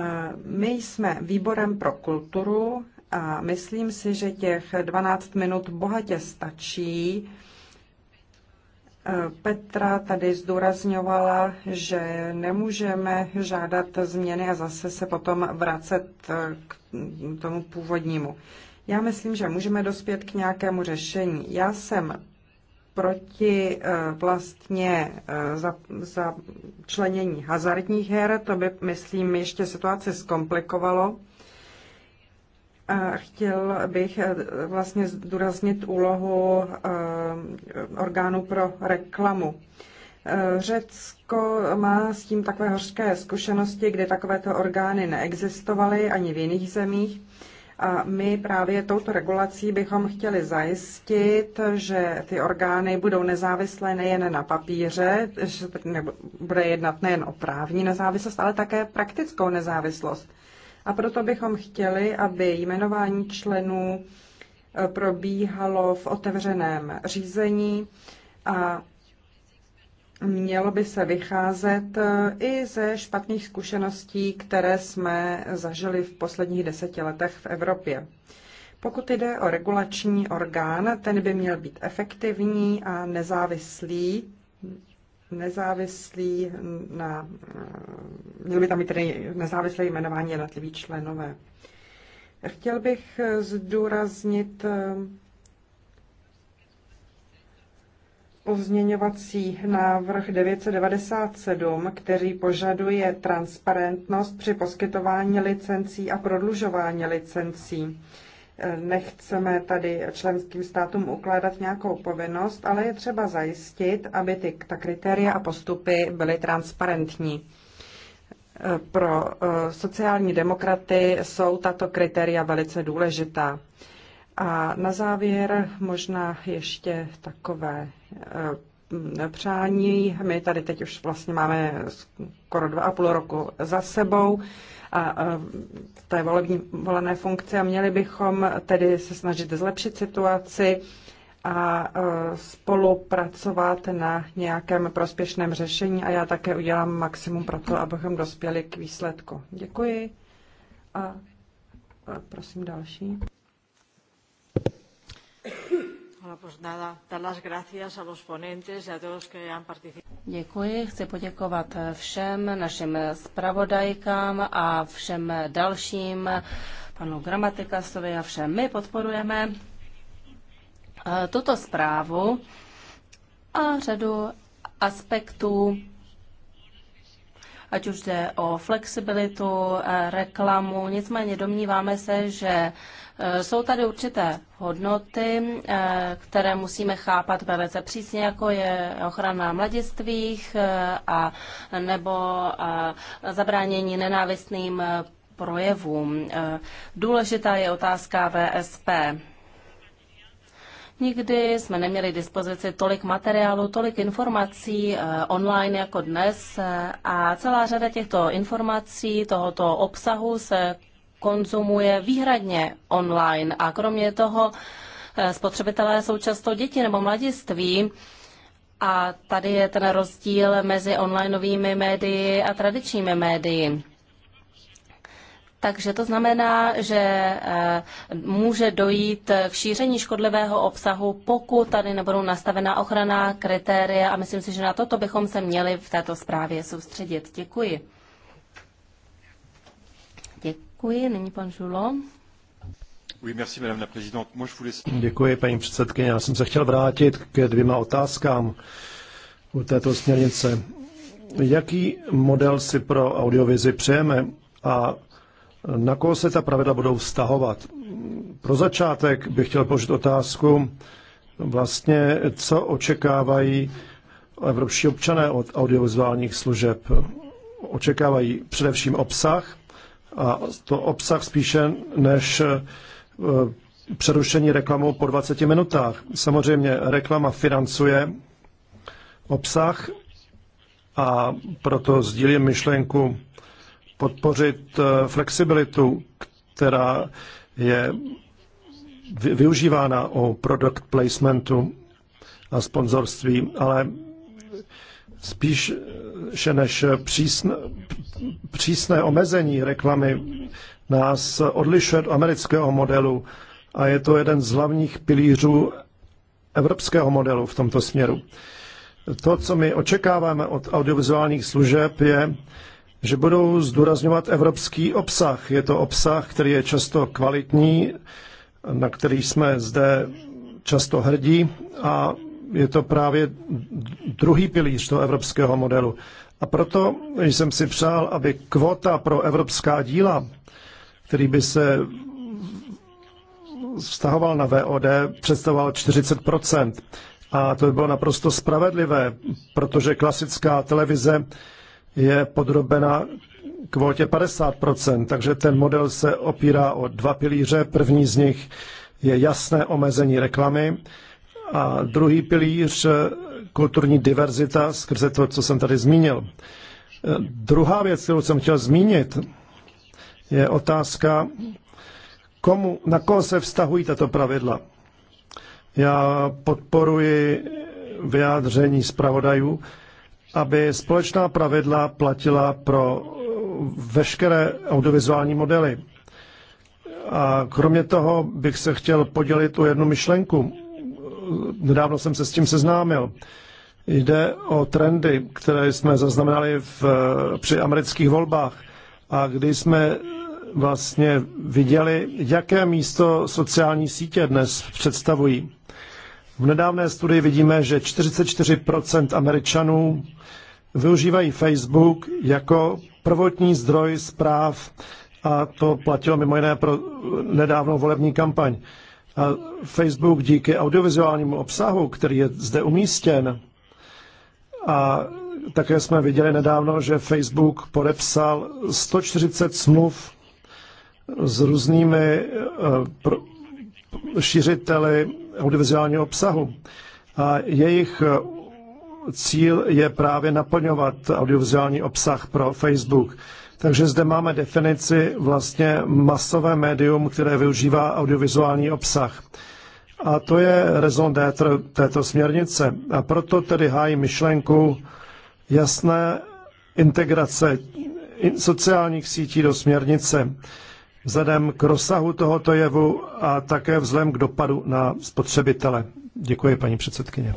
S4: my jsme výborem pro kulturu, a myslím si, že těch 12 minut bohatě stačí. Petra tady zdůrazňovala, že nemůžeme žádat změny a zase se potom vracet k tomu původnímu. Já myslím, že můžeme dospět k nějakému řešení. Já jsem proti eh, vlastně eh, za, za, členění hazardních her, to by, myslím, ještě situaci zkomplikovalo chtěl bych eh, vlastně zdůraznit úlohu eh, orgánu pro reklamu. Eh, Řecko má s tím takové hořké zkušenosti, kde takovéto orgány neexistovaly ani v jiných zemích. A my právě touto regulací bychom chtěli zajistit, že ty orgány budou nezávislé nejen na papíře, že bude jednat nejen o právní nezávislost, ale také praktickou nezávislost. A proto bychom chtěli, aby jmenování členů eh, probíhalo v otevřeném řízení a mělo by se vycházet eh, i ze špatných zkušeností, které jsme zažili v posledních deseti letech v Evropě. Pokud jde o regulační orgán, ten by měl být efektivní a nezávislý nezávislí na, měl by tam být tedy nezávislé jmenování jednotliví členové. Chtěl bych zdůraznit eh, pozměňovací návrh 997, který požaduje transparentnost při poskytování licencí a prodlužování licencí. Nechceme tady členským státům ukládat nějakou povinnost, ale je třeba zajistit, aby ty, ta kritéria a postupy byly transparentní. Pro eh, sociální demokraty jsou tato kritéria velice důležitá. A na závěr možná ještě takové eh, přání. My tady teď už vlastně máme skoro dva a půl roku za sebou a té volební volené funkci a měli bychom tedy se snažit zlepšit situaci a e, spolupracovat na nějakém prospěšném řešení a já také udělám maximum pro to, abychom dospěli k výsledku. Děkuji a prosím další.
S1: Bueno, pues nada, dar las gracias a los ponentes y a todos que han participado.
S2: Děkuji, chci poděkovat všem našim zpravodajkám a všem dalším, panu Gramatikasovi a všem. My podporujeme eh, tuto zprávu a řadu aspektů, ať už jde o flexibilitu, eh, reklamu. Nicméně domníváme se, že Eh, jsou tady určité hodnoty, eh, které musíme chápat velice přísně, jako je ochrana mladistvých eh, a nebo zabránění nenávistným projevům. Důležitá je otázka VSP. Nikdy jsme neměli dispozici tolik materiálu, tolik informací online jako dnes a celá řada těchto informací, tohoto obsahu se konzumuje výhradně online a kromě toho eh, spotřebitelé jsou často děti nebo mladiství. A tady je ten rozdíl mezi onlineovými médii a tradičními médii. Takže to znamená, že eh, může dojít k šíření škodlivého obsahu, pokud tady nebudou nastavená ochrana, kritéria a myslím si, že na toto bychom se měli v této zprávě soustředit. Děkuji. Děkuji, nyní pan Žulo.
S3: Děkuji, paní předsedkyně. Já jsem se chtěl vrátit ke dvěma otázkám u této směrnice. Jaký model si pro audiovizi přejeme a na koho se ta pravidla budou vztahovat? Pro začátek bych chtěl položit otázku, vlastně co očekávají evropští občané od audiovizuálních služeb. Očekávají především obsah, a to obsah spíše než e, přerušení reklamou po 20 minutách. Samozřejmě reklama financuje obsah a proto sdílím myšlenku podpořit e, flexibilitu, která je využívána o product placementu a sponzorství, ale spíše než přísn, přísné omezení reklamy nás odlišuje od amerického modelu a je to jeden z hlavních pilířů evropského modelu v tomto směru. To, co my očekáváme od audiovizuálních služeb, je, že budou zdůrazňovat evropský obsah. Je to obsah, který je často kvalitní, na který jsme zde často hrdí a je to právě druhý pilíř toho evropského modelu. A proto jsem si přál, aby kvota pro evropská díla, který by se vztahoval na VOD, představoval 40 A to by bylo naprosto spravedlivé, protože klasická televize je podrobena kvótě 50 takže ten model se opírá o dva pilíře. První z nich je jasné omezení reklamy a druhý pilíř, kulturní diverzita, skrze to, co jsem tady zmínil. Druhá věc, kterou jsem chtěl zmínit, je otázka, komu, na koho se vztahují tato pravidla. Já podporuji vyjádření zpravodajů, aby společná pravidla platila pro veškeré audiovizuální modely. A kromě toho bych se chtěl podělit o jednu myšlenku nedávno jsem se s tím seznámil. Jde o trendy, které jsme zaznamenali v, při amerických volbách a kdy jsme vlastně viděli, jaké místo sociální sítě dnes představují. V nedávné studii vidíme, že 44% Američanů využívají Facebook jako prvotní zdroj zpráv a to platilo mimo jiné pro nedávnou volební kampaň. Facebook díky audiovizuálnímu obsahu, který je zde umístěn, a také jsme viděli nedávno, že Facebook podepsal 140 smluv s různými eh, šířiteli audiovizuálního obsahu. A jejich eh, cíl je právě naplňovat audiovizuální obsah pro Facebook. Takže zde máme definici vlastně masové médium, které využívá audiovizuální obsah. A to je rezon této směrnice. A proto tedy hájí myšlenku jasné integrace sociálních sítí do směrnice vzhledem k rozsahu tohoto jevu a také vzhledem k dopadu na spotřebitele. Děkuji, paní předsedkyně.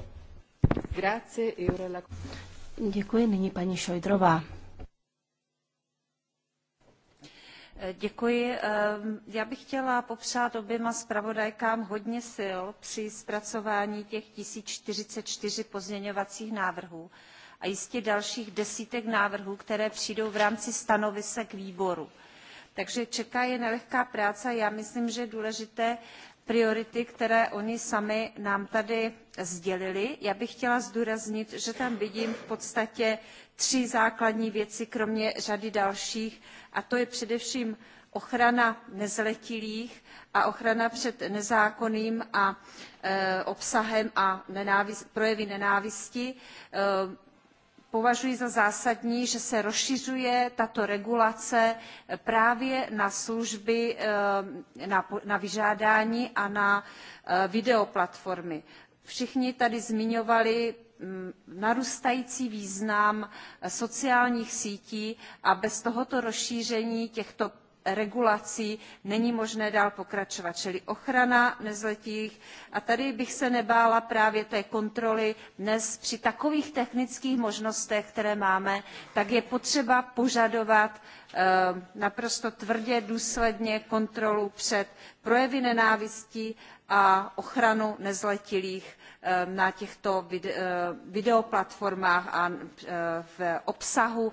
S2: Děkuji, nyní paní Šojdrová.
S1: Děkuji. Ehm, já bych chtěla popřát oběma zpravodajkám hodně sil při zpracování těch 1044 pozměňovacích návrhů a jistě dalších desítek návrhů, které přijdou v rámci stanovisek výboru. Takže čeká je nelehká práce a já myslím, že je důležité priority, které oni sami nám tady sdělili. Já bych chtěla zdůraznit, že tam vidím v podstatě tři základní věci, kromě řady dalších, a to je především ochrana nezletilých a ochrana před nezákonným a e, obsahem a nenávist, projevy nenávisti. E, považuji za zásadní, že se rozšiřuje tato regulace právě na služby e, na, na vyžádání a na e, videoplatformy. Všichni tady zmiňovali Mm, narůstající význam sociálních sítí a bez tohoto rozšíření těchto regulací není možné dál pokračovat čili ochrana nezletilých a tady bych se nebála právě té kontroly dnes při takových technických možnostech které máme tak je potřeba požadovat eh, naprosto tvrdě důsledně kontrolu před projevy nenávisti a ochranu nezletilých Eh, na těchto eh, videoplatformách a eh, v obsahu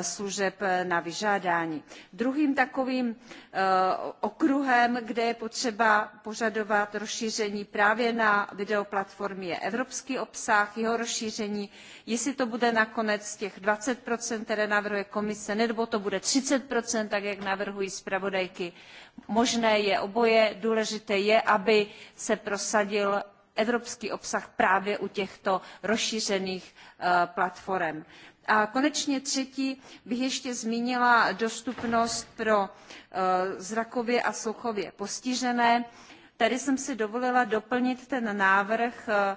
S1: služeb na vyžádání. druhým takovým okruhem kde je potřeba požadovat rozšíření právě na videoplatformy je evropský obsah jeho rozšíření jestli to bude nakonec těch twenty které navrhuje komise nebo to bude thirty tak jak navrhují zpravodajky možné je oboje důležité je aby se prosadil evropský obsah právě u těchto rozšířených eh, platform. A konečně třetí bych ještě zmínila dostupnost pro eh, zrakově a sluchově postižené. Tady jsem si dovolila doplnit ten návrh eh,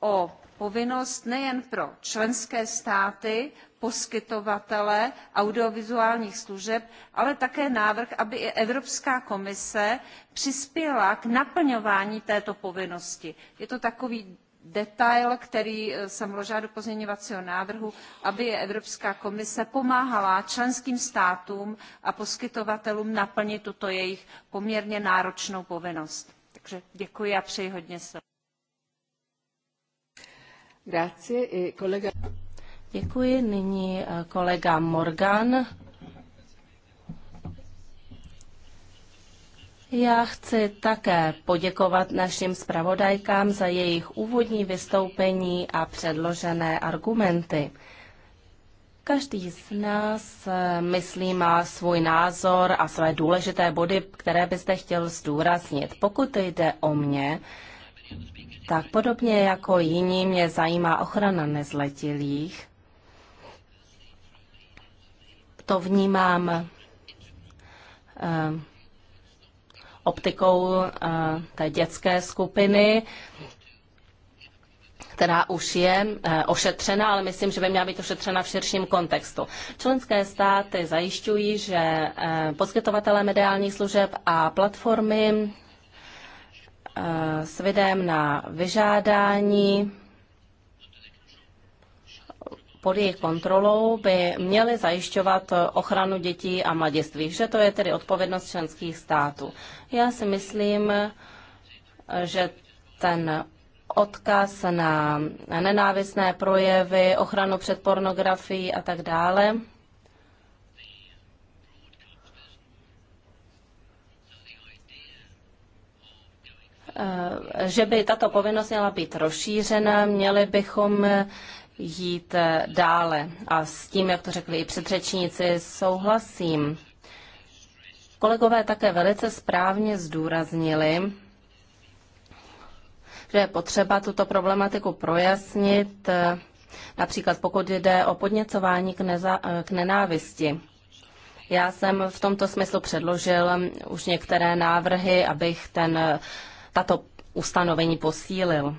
S1: o povinnost nejen pro členské státy, poskytovatele audiovizuálních služeb, ale také návrh, aby i Evropská komise přispěla k naplňování této povinnosti. Je to takový detail, který eh, jsem vložila do pozměňovacího návrhu, aby Evropská komise pomáhala členským státům a poskytovatelům naplnit tuto jejich poměrně náročnou povinnost. Takže děkuji a přeji hodně sil.
S4: E
S2: Děkuji. Nyní e, kolega Morgan. Já chci také poděkovat našim zpravodajkám za jejich úvodní vystoupení a předložené argumenty. Každý z nás, e, myslím, má svůj názor a své důležité body, které byste chtěl zdůraznit. Pokud jde o mě, tak podobně jako jiní mě zajímá ochrana nezletilých. To vnímám eh, optikou eh, té dětské skupiny, která už je eh, ošetřena, ale myslím, že by měla být ošetřena v širším kontextu. Členské státy zajišťují, že poskytovatelé mediálních služeb a platformy s videem na vyžádání pod jejich kontrolou by měly zajišťovat ochranu dětí a mladistvých, že to je tedy odpovědnost členských států. Já si myslím, že ten odkaz na nenávisné projevy, ochranu před pornografií a tak dále, Eh, že by tato povinnost měla být rozšířena, měli bychom jít dále. A s tím, jak to řekli i předřečníci, souhlasím. Kolegové také velice správně zdůraznili, že je potřeba tuto problematiku projasnit, eh, například pokud jde o podněcování k, neza- eh, k nenávisti. Já jsem v tomto smyslu předložil už některé návrhy, abych ten tato ustanovení posílil.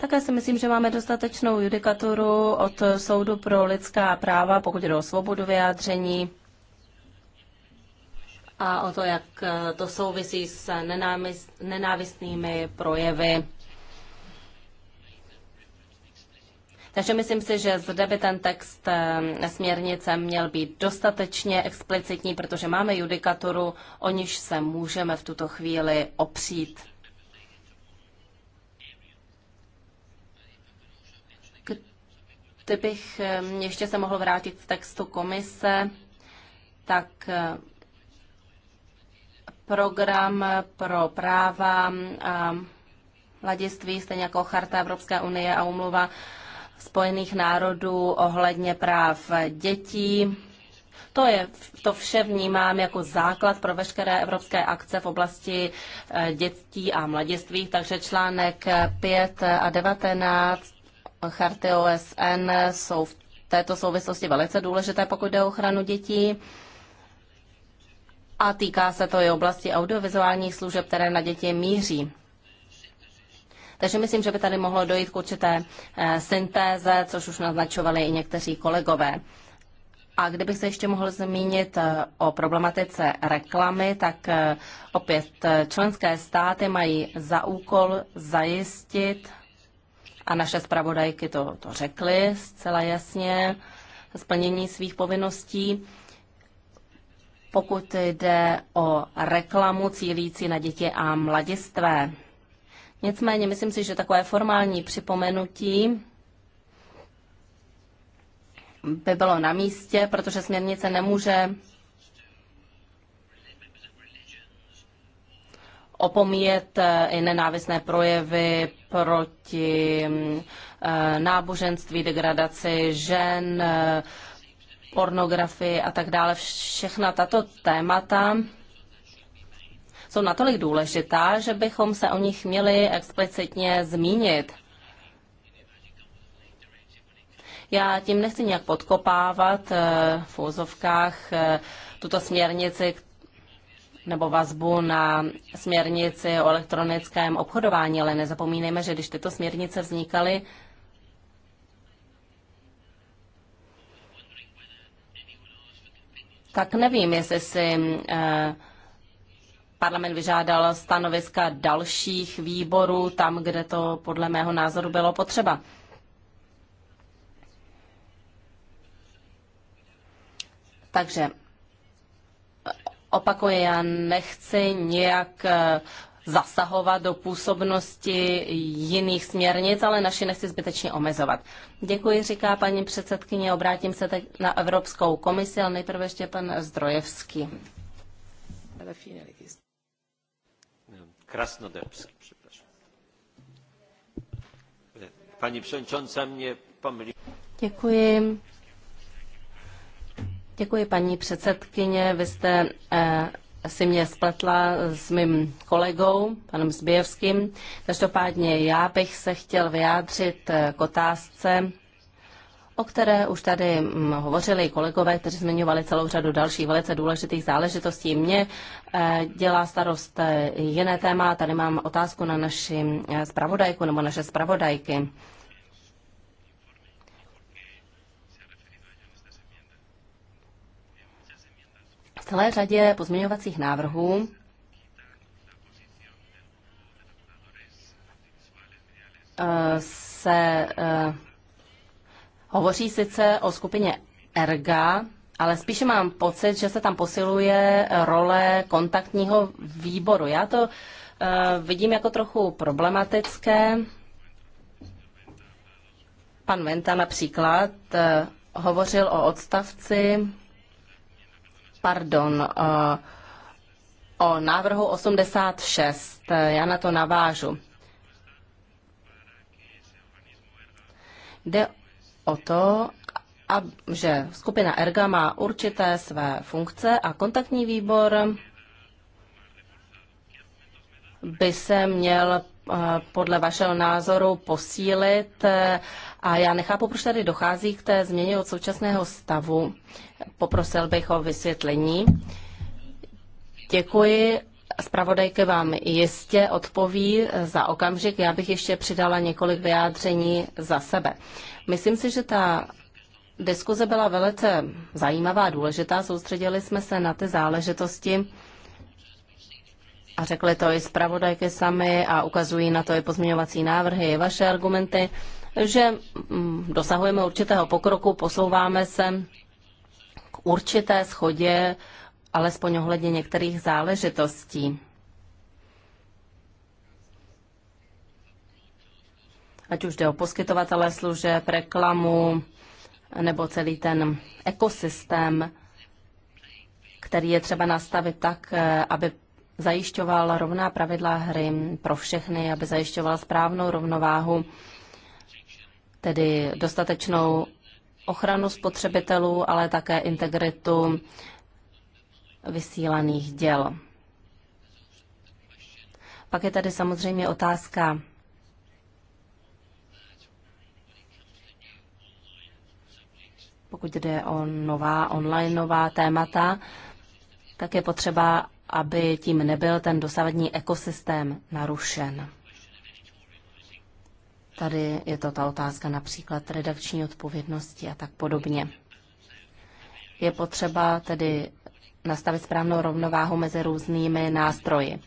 S2: Také si myslím, že máme dostatečnou judikaturu od Soudu pro lidská práva, pokud jde o svobodu vyjádření a o to, jak to souvisí s nenávist, nenávistnými projevy Takže myslím si, že zde by ten text eh, směrnice měl být dostatečně explicitní, protože máme judikaturu, o níž se můžeme v tuto chvíli opřít. Kdybych eh, ještě se mohl vrátit k textu komise, tak eh, program pro práva mladiství, stejně jako Charta Evropské unie a umluva Spojených národů ohledně práv dětí. To, je, to vše vnímám jako základ pro veškeré evropské akce v oblasti eh, dětí a mladistvých, takže článek 5 a 19 charty OSN jsou v této souvislosti velice důležité, pokud jde o ochranu dětí. A týká se to i oblasti audiovizuálních služeb, které na děti míří. Takže myslím, že by tady mohlo dojít k určité eh, syntéze, což už naznačovali i někteří kolegové. A kdybych se ještě mohl zmínit eh, o problematice reklamy, tak eh, opět členské státy mají za úkol zajistit, a naše zpravodajky to, to řekly zcela jasně, splnění svých povinností, pokud jde o reklamu cílící na děti a mladistvé. Nicméně myslím si, že takové formální připomenutí by bylo na místě, protože směrnice nemůže opomíjet eh, i nenávisné projevy proti eh, náboženství, degradaci žen, eh, pornografii a tak dále. Všechna tato témata jsou natolik důležitá, že bychom se o nich měli explicitně zmínit. Já tím nechci nějak podkopávat eh, v úzovkách eh, tuto směrnici nebo vazbu na směrnici o elektronickém obchodování, ale nezapomínejme, že když tyto směrnice vznikaly, tak nevím, jestli si eh, parlament vyžádal stanoviska dalších výborů tam, kde to podle mého názoru bylo potřeba. Takže opakuje, já nechci nějak eh, zasahovat do působnosti jiných směrnic, ale naši nechci zbytečně omezovat. Děkuji, říká paní předsedkyně, obrátím se teď na Evropskou komisi, ale nejprve ještě pan
S1: Zdrojevský.
S3: Przepraszam. Pani przewodnicząca mnie pomyliła.
S2: Děkuji. Děkuji, paní předsedkyně. Vy jste eh, si mě spletla s mým kolegou, panem Zběvským. Každopádně já bych se chtěl vyjádřit eh, k otázce, o které už tady hovořili kolegové, kteří zmiňovali celou řadu dalších velice důležitých záležitostí. Mě eh, dělá starost eh, jiné téma. Tady mám otázku na naši eh, zpravodajku nebo naše zpravodajky. V celé řadě pozměňovacích návrhů se Hovoří sice o skupině ERGA, ale spíše mám pocit, že se tam posiluje role kontaktního výboru. Já to eh, vidím jako trochu problematické. Pan Venta například eh, hovořil o odstavci, pardon, eh, o návrhu 86. Já na to navážu. Jde o to, a že skupina ERGA má určité své funkce a kontaktní výbor by se měl eh, podle vašeho názoru posílit. Eh, a já nechápu, proč tady dochází k té změně od současného stavu. Poprosil bych o vysvětlení. Děkuji zpravodajky vám jistě odpoví za okamžik. Já bych ještě přidala několik vyjádření za sebe. Myslím si, že ta diskuze byla velice zajímavá, důležitá. Soustředili jsme se na ty záležitosti, a řekli to i zpravodajky sami a ukazují na to i pozměňovací návrhy, i vaše argumenty, že mm, dosahujeme určitého pokroku, posouváme se k určité schodě alespoň ohledně některých záležitostí. Ať už jde o poskytovatele služeb, reklamu nebo celý ten ekosystém, který je třeba nastavit tak, eh, aby zajišťoval rovná pravidla hry pro všechny, aby zajišťoval správnou rovnováhu, tedy dostatečnou ochranu spotřebitelů, ale také integritu vysílaných děl. Pak je tady samozřejmě otázka pokud jde o nová online nová témata, tak je potřeba, aby tím nebyl ten dosavadní ekosystém narušen. Tady je to ta otázka například redakční odpovědnosti a tak podobně. Je potřeba tedy nastavit správnou rovnováhu mezi různými nástroji.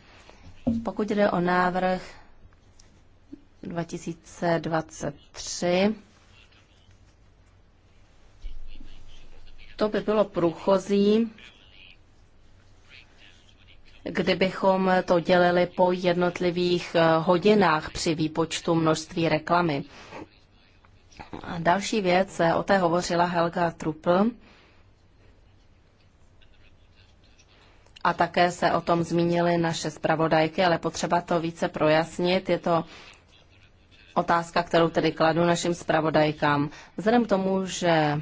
S2: Pokud jde o návrh 2023, to by bylo průchozí, kdybychom to dělili po jednotlivých eh, hodinách při výpočtu množství reklamy. A další věc, eh, o té hovořila Helga Trupl, a také se o tom zmínily naše zpravodajky, ale potřeba to více projasnit. Je to otázka, kterou tedy kladu našim zpravodajkám. Vzhledem k tomu, že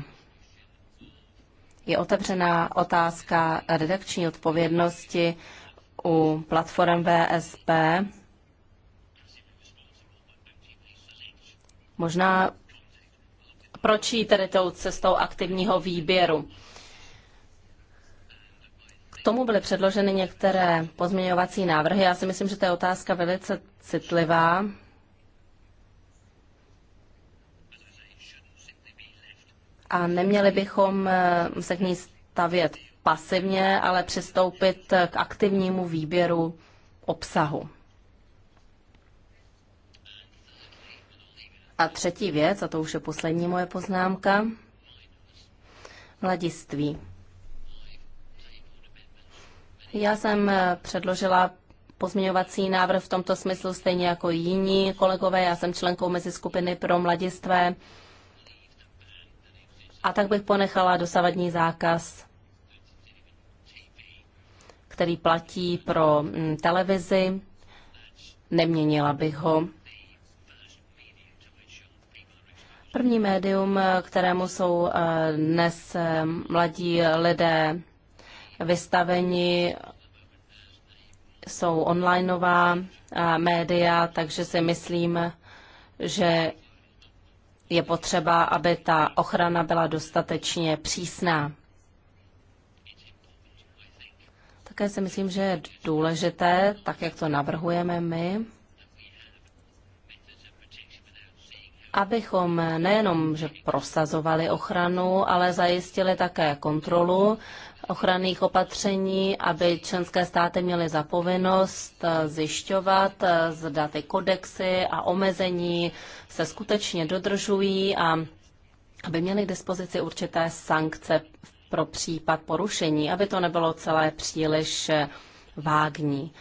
S2: je otevřená otázka redakční odpovědnosti u platform VSP, možná proč jít tedy tou cestou aktivního výběru? tomu byly předloženy některé pozměňovací návrhy. Já si myslím, že to je otázka velice citlivá. A neměli bychom eh, se k ní stavět pasivně, ale přistoupit k aktivnímu výběru obsahu. A třetí věc, a to už je poslední moje poznámka, mladiství. Já jsem eh, předložila pozměňovací návrh v tomto smyslu stejně jako jiní kolegové. Já jsem členkou mezi skupiny pro mladistvé a tak bych ponechala dosavadní zákaz, který platí pro mm, televizi. Neměnila bych ho. První médium, eh, kterému jsou eh, dnes mladí lidé vystaveni jsou onlineová eh, média, takže si myslím, že je potřeba, aby ta ochrana byla dostatečně přísná. Také si myslím, že je důležité, tak jak to navrhujeme my, abychom nejenom že prosazovali ochranu, ale zajistili také kontrolu, ochranných opatření, aby členské státy měly zapovinnost eh, zjišťovat, eh, zda ty kodexy a omezení se skutečně dodržují a aby měly k dispozici určité sankce pro případ porušení, aby to nebylo celé příliš eh, vágní.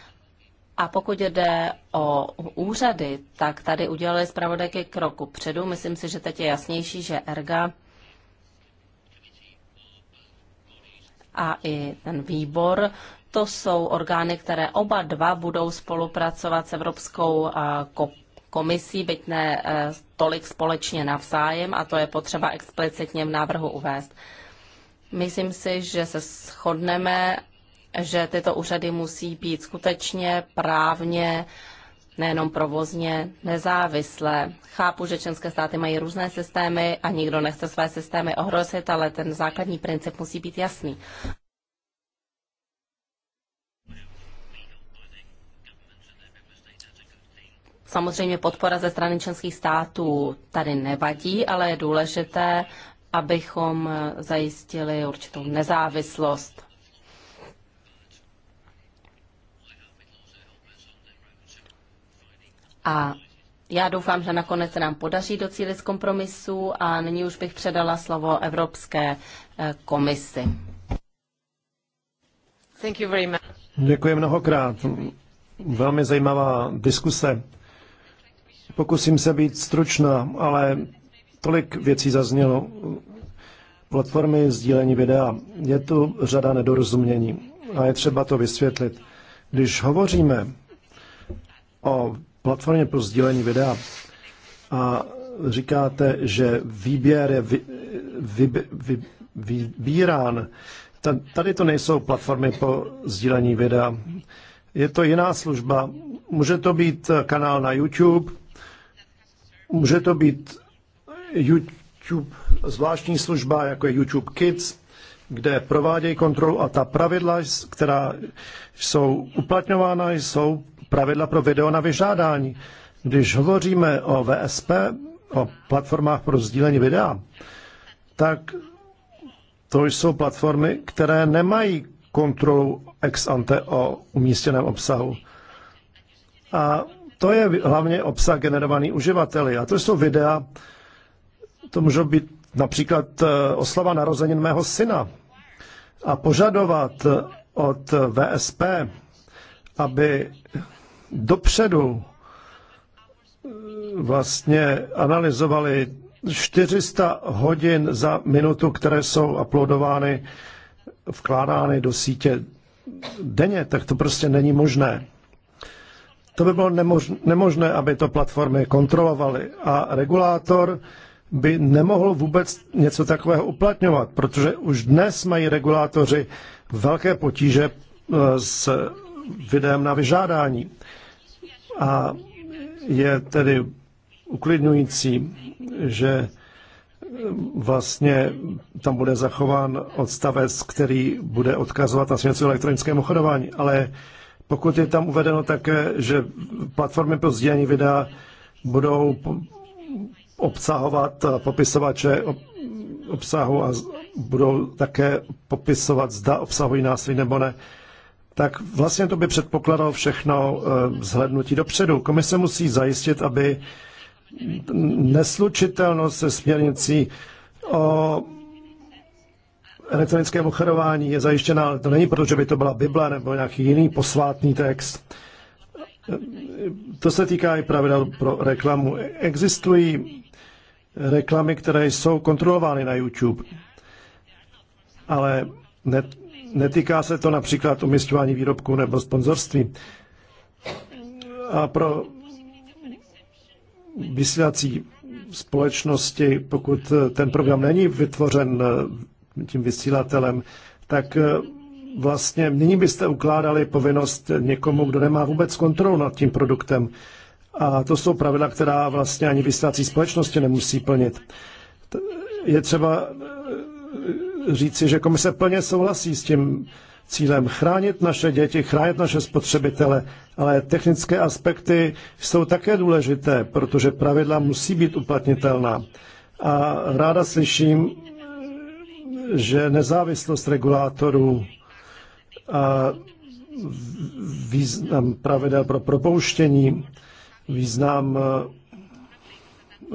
S2: A pokud jde o úřady, tak tady udělali zpravodajky kroku předu. Myslím si, že teď je jasnější, že ERGA a i ten výbor. To jsou orgány, které oba dva budou spolupracovat s Evropskou eh, komisí, byť ne eh, tolik společně navzájem, a to je potřeba explicitně v návrhu uvést. Myslím si, že se shodneme, že tyto úřady musí být skutečně právně uh, nejenom provozně nezávislé. Chápu, že členské státy mají různé systémy a nikdo nechce své systémy ohrozit, ale ten základní princip musí být jasný. Samozřejmě podpora ze strany členských států tady nevadí, ale je důležité, abychom zajistili určitou nezávislost. A já doufám, že nakonec se nám podaří docílit z kompromisu a nyní už bych předala slovo Evropské eh, komisi.
S1: Thank you very much.
S3: Děkuji mnohokrát. Velmi zajímavá diskuse. Pokusím se být stručná, ale tolik věcí zaznělo. Platformy sdílení videa. Je tu řada nedorozumění a je třeba to vysvětlit. Když hovoříme o platformě pro sdílení videa a říkáte, že výběr je vy, vy, vy, vybírán. Tady to nejsou platformy pro sdílení videa. Je to jiná služba. Může to být kanál na YouTube, může to být YouTube, zvláštní služba, jako je YouTube Kids, kde provádějí kontrolu a ta pravidla, která jsou uplatňována, jsou pravidla pro video na vyžádání. Když hovoříme o VSP, o platformách pro sdílení videa, tak to jsou platformy, které nemají kontrolu ex ante o umístěném obsahu. A to je hlavně obsah generovaný uživateli. A to jsou videa, to můžou být například eh, oslava narozenin mého syna. A požadovat od VSP, aby dopředu vlastně analyzovali 400 hodin za minutu, které jsou uploadovány, vkládány do sítě denně, tak to prostě není možné. To by bylo nemožné, aby to platformy kontrolovaly a regulátor by nemohl vůbec něco takového uplatňovat, protože už dnes mají regulátoři velké potíže eh, s videem na vyžádání. A je tedy uklidňující, že vlastně tam bude zachován odstavec, který bude odkazovat na směrnici o elektronickém ale pokud je tam uvedeno také, že platformy pro sdílení videa budou obsahovat popisovače obsahu a budou také popisovat, zda obsahují násilí nebo ne, tak vlastně to by předpokládalo všechno vzhlednutí eh, dopředu. Komise musí zajistit, aby neslučitelnost se směrnicí o elektronickém ochorování je zajištěna, ale to není proto, že by to byla Bible nebo nějaký jiný posvátný text. To se týká i pravidel pro reklamu. Existují reklamy, které jsou kontrolovány na YouTube, ale Netýká se to například umistování výrobků nebo sponzorství. A pro vysílací společnosti, pokud ten program není vytvořen eh, tím vysílatelem, tak eh, vlastně nyní byste ukládali povinnost někomu, kdo nemá vůbec kontrolu nad tím produktem. A to jsou pravidla, která vlastně ani vysílací společnosti nemusí plnit. Je třeba eh, říci, že komise plně souhlasí s tím cílem chránit naše děti, chránit naše spotřebitele, ale technické aspekty jsou také důležité, protože pravidla musí být uplatnitelná. A ráda slyším, že nezávislost regulátorů a význam pravidel pro propouštění, význam eh,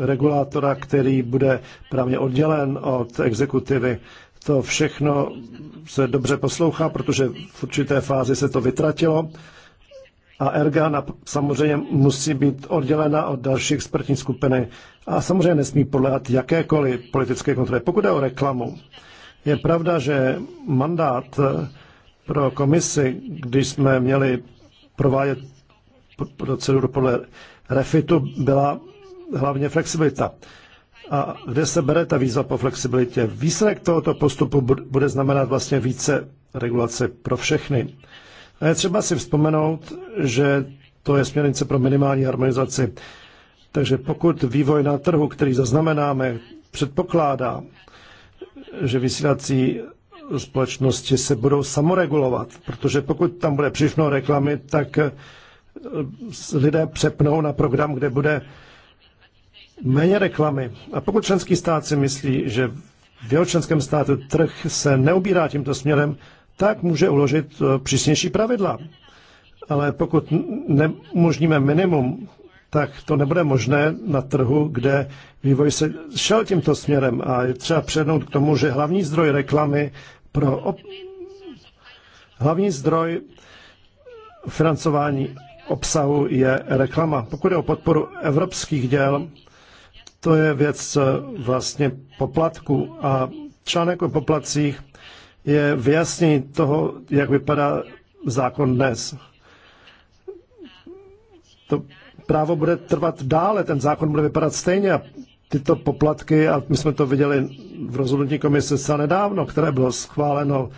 S3: regulátora, který bude právně oddělen od exekutivy to všechno se dobře poslouchá, protože v určité fázi se to vytratilo. A Erga samozřejmě musí být oddělena od další expertní skupiny a samozřejmě nesmí podléhat jakékoliv politické kontroly. Pokud je o reklamu, je pravda, že mandát pro komisi, když jsme měli provádět proceduru podle refitu, byla hlavně flexibilita a kde se bere ta výzva po flexibilitě. Výsledek tohoto postupu bude znamenat vlastně více regulace pro všechny. A je třeba si vzpomenout, že to je směrnice pro minimální harmonizaci. Takže pokud vývoj na trhu, který zaznamenáme, předpokládá, že vysílací společnosti se budou samoregulovat, protože pokud tam bude přišlo reklamy, tak eh, lidé přepnou na program, kde bude méně reklamy. A pokud členský stát si myslí, že v jeho členském státu trh se neubírá tímto směrem, tak může uložit eh, přísnější pravidla. Ale pokud nemožníme minimum, tak to nebude možné na trhu, kde vývoj se šel tímto směrem. A je třeba přednout k tomu, že hlavní zdroj reklamy pro ob... hlavní zdroj financování obsahu je reklama. Pokud je o podporu evropských děl, to je věc vlastně poplatku a článek o poplatcích je vyjasnění toho, jak vypadá zákon dnes. To právo bude trvat dále, ten zákon bude vypadat stejně a tyto poplatky, a my jsme to viděli v rozhodnutí komise se nedávno, které bylo schváleno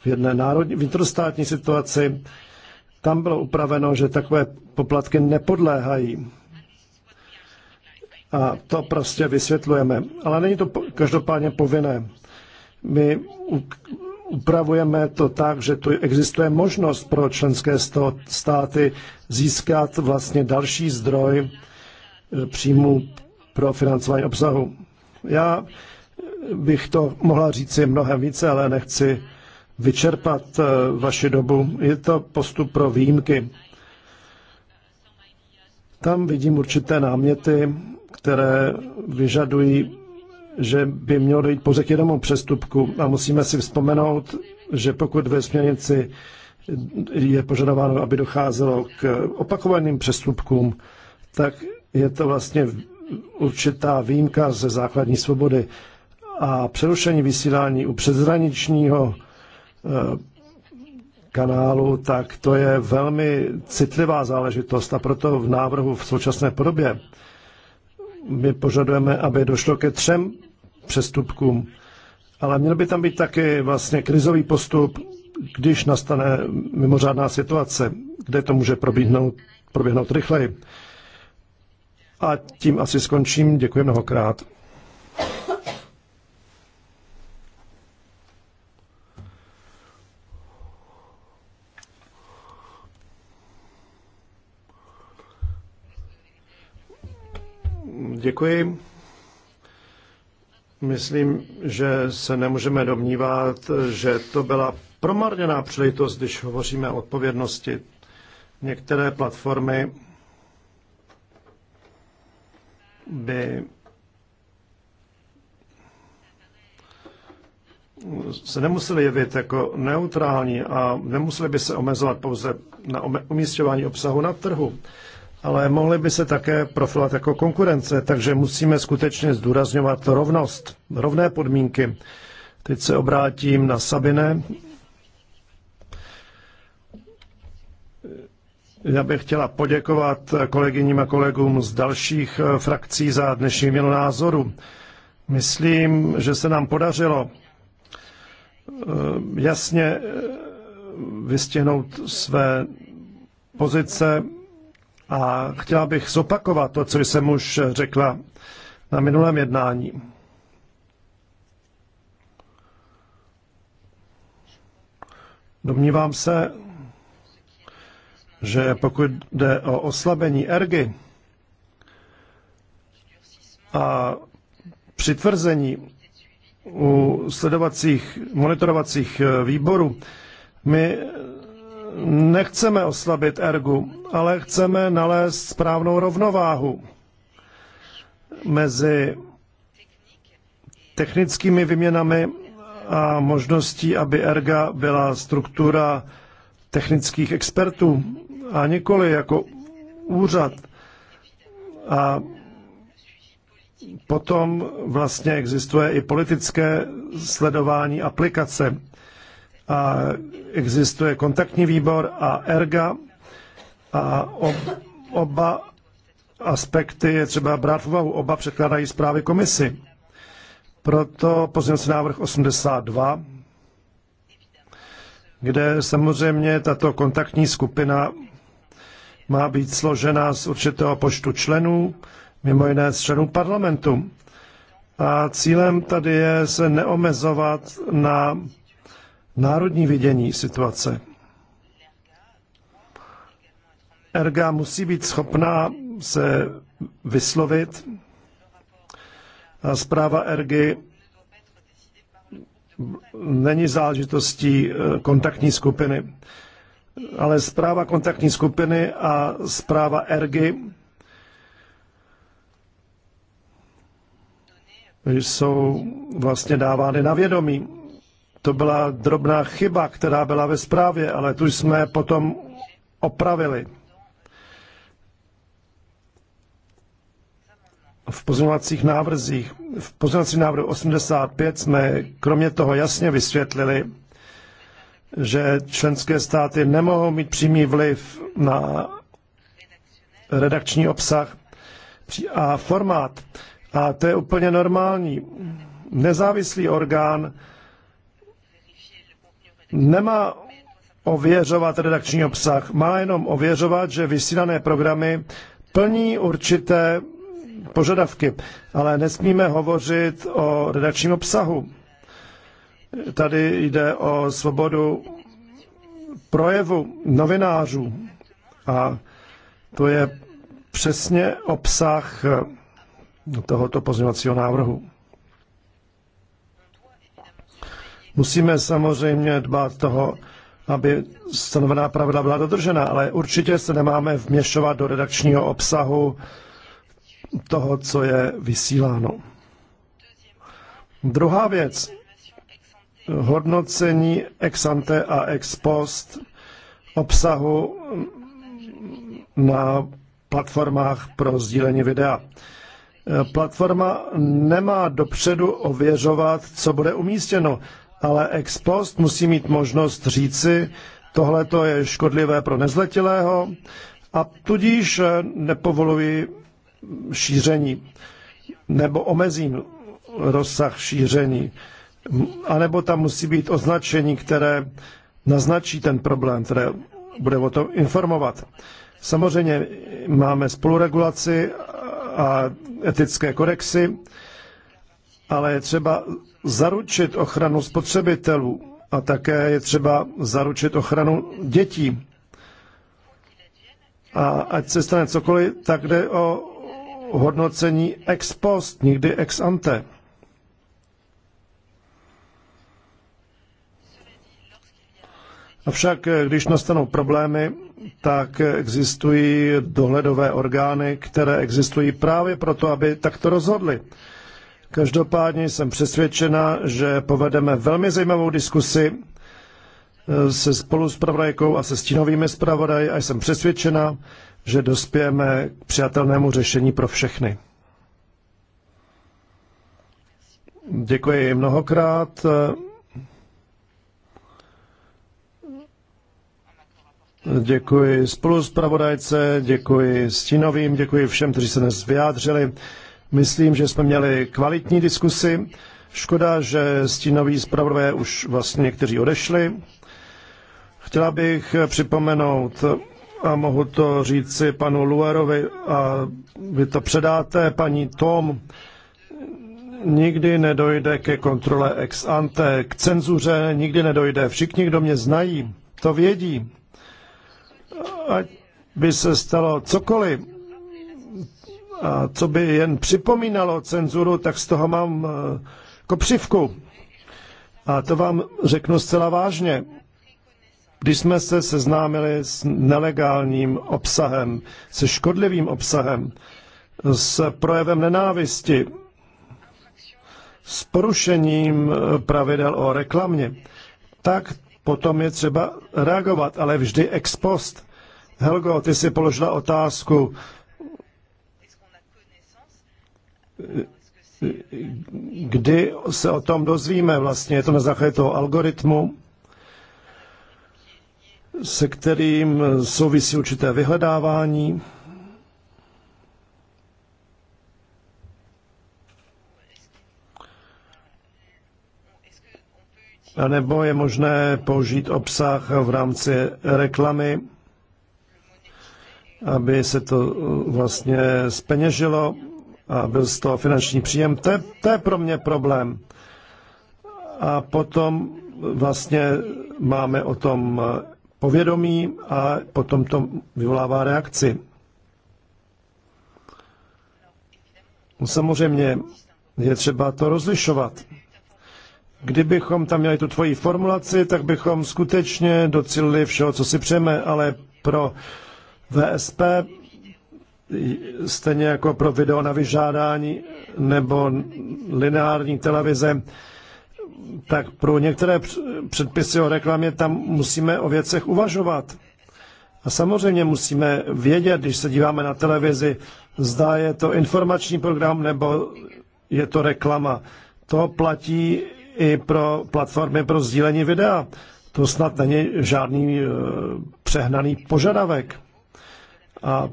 S3: v jedné národní, vnitrostátní situaci, tam bylo upraveno, že takové poplatky nepodléhají a to prostě vysvětlujeme. Ale není to každopádně povinné. My upravujeme to tak, že tu existuje možnost pro členské státy získat vlastně další zdroj e, příjmu pro financování obsahu. Já bych to mohla říci mnohem více, ale nechci vyčerpat e, vaši dobu. Je to postup pro výjimky. Tam vidím určité náměty které vyžadují, že by mělo dojít pouze k jednomu přestupku. A musíme si vzpomenout, že pokud ve směrnici je požadováno, aby docházelo k opakovaným přestupkům, tak je to vlastně určitá výjimka ze základní svobody. A přerušení vysílání u přezraničního eh, kanálu, tak to je velmi citlivá záležitost a proto v návrhu v současné podobě my požadujeme, aby došlo ke třem přestupkům. Ale měl by tam být taky vlastně krizový postup, když nastane mimořádná situace, kde to může probíhnout, proběhnout rychleji. A tím asi skončím. Děkuji mnohokrát. Děkuji. Myslím, že se nemůžeme domnívat, že to byla promarněná příležitost, když hovoříme o odpovědnosti. Některé platformy by se nemuseli jevit jako neutrální a nemuseli by se omezovat pouze na umístěvání obsahu na trhu ale mohly by se také profilovat jako konkurence, takže musíme skutečně zdůrazňovat rovnost, rovné podmínky. Teď se obrátím na Sabine. Já bych chtěla poděkovat kolegyním a kolegům z dalších eh, frakcí za dnešní měnu názoru. Myslím, že se nám podařilo eh, jasně eh, vystěhnout své pozice a chtěla bych zopakovat to, co jsem už řekla na minulém jednání. Domnívám se, že pokud jde o oslabení ergy a přitvrzení u sledovacích, monitorovacích výborů, my nechceme oslabit ergu, ale chceme nalézt správnou rovnováhu mezi technickými vyměnami a možností, aby erga byla struktura technických expertů a nikoli jako úřad. A potom vlastně existuje i politické sledování aplikace a existuje kontaktní výbor a ERGA a ob, oba aspekty je třeba brát v úvahu. Oba překládají zprávy komisi. Proto pozměňovací návrh 82, kde samozřejmě tato kontaktní skupina má být složena z určitého počtu členů, mimo jiné z členů parlamentu. A cílem tady je se neomezovat na národní vidění situace. Erga musí být schopná se vyslovit. zpráva Ergy není záležitostí eh, kontaktní skupiny, ale zpráva kontaktní skupiny a zpráva Ergy jsou vlastně dávány na vědomí. To byla drobná chyba, která byla ve zprávě, ale tu jsme potom opravili. v pozměňovacích návrzích, v pozměňovacím návrhu 85 jsme kromě toho jasně vysvětlili, že členské státy nemohou mít přímý vliv na redakční obsah a formát. A to je úplně normální. Nezávislý orgán nemá ověřovat redakční obsah, má jenom ověřovat, že vysílané programy plní určité požadavky, ale nesmíme hovořit o redakčním obsahu. Tady jde o svobodu projevu novinářů a to je přesně obsah tohoto pozměňovacího návrhu. Musíme samozřejmě dbát toho, aby stanovená pravda byla dodržena, ale určitě se nemáme vměšovat do redakčního obsahu toho, co je vysíláno. Druhá věc, hodnocení ex ante a ex post obsahu na platformách pro sdílení videa. Platforma nemá dopředu ověřovat, co bude umístěno, ale ex post musí mít možnost říci, tohle to je škodlivé pro nezletilého a tudíž eh, nepovoluji šíření nebo omezím rozsah šíření. A nebo tam musí být označení, které naznačí ten problém, které bude o tom informovat. Samozřejmě máme spoluregulaci a etické korexy, ale je třeba zaručit ochranu spotřebitelů a také je třeba zaručit ochranu dětí. A ať se stane cokoliv, tak jde o hodnocení ex post, nikdy ex ante. Avšak, eh, když nastanou problémy, tak existují dohledové orgány, které existují právě proto, aby takto rozhodly. Každopádně jsem přesvědčena, že povedeme velmi zajímavou diskusi eh, se spolu s a se stínovými zpravodaji a jsem přesvědčena, že dospějeme k přijatelnému řešení pro všechny. Děkuji mnohokrát. Děkuji spolu děkuji stínovým, děkuji všem, kteří se dnes vyjádřili. Myslím, že jsme měli kvalitní diskusy. Škoda, že stínoví zpravodové už vlastně někteří odešli. Chtěla bych připomenout, a mohu to říci panu Luerovi, a vy to předáte paní Tom, nikdy nedojde ke kontrole ex ante, k cenzuře nikdy nedojde. Všichni, kdo mě znají, to vědí. Ať by se stalo cokoliv, a co by jen připomínalo cenzuru, tak z toho mám eh, kopřivku. A to vám řeknu zcela vážně. Když jsme se seznámili s nelegálním obsahem, se škodlivým obsahem, s projevem nenávisti, s porušením eh, pravidel o reklamě, tak potom je třeba reagovat, ale vždy ex post. Helgo, ty si položila otázku, kdy se o tom dozvíme vlastně, je to na základě toho algoritmu, se kterým souvisí určité vyhledávání. A nebo je možné použít obsah v rámci reklamy, aby se to vlastně speněžilo a byl z toho finanční příjem. To je, to je pro mě problém. A potom vlastně máme o tom povědomí a potom to vyvolává reakci. No, samozřejmě je třeba to rozlišovat. Kdybychom tam měli tu tvoji formulaci, tak bychom skutečně docílili všeho, co si přejeme, ale pro VSP stejně jako pro video na vyžádání nebo lineární televize, tak pro některé předpisy o reklamě tam musíme o věcech uvažovat. A samozřejmě musíme vědět, když se díváme na televizi, zda je to informační program nebo je to reklama. To platí i pro platformy pro sdílení videa. To snad není žádný eh, přehnaný požadavek. A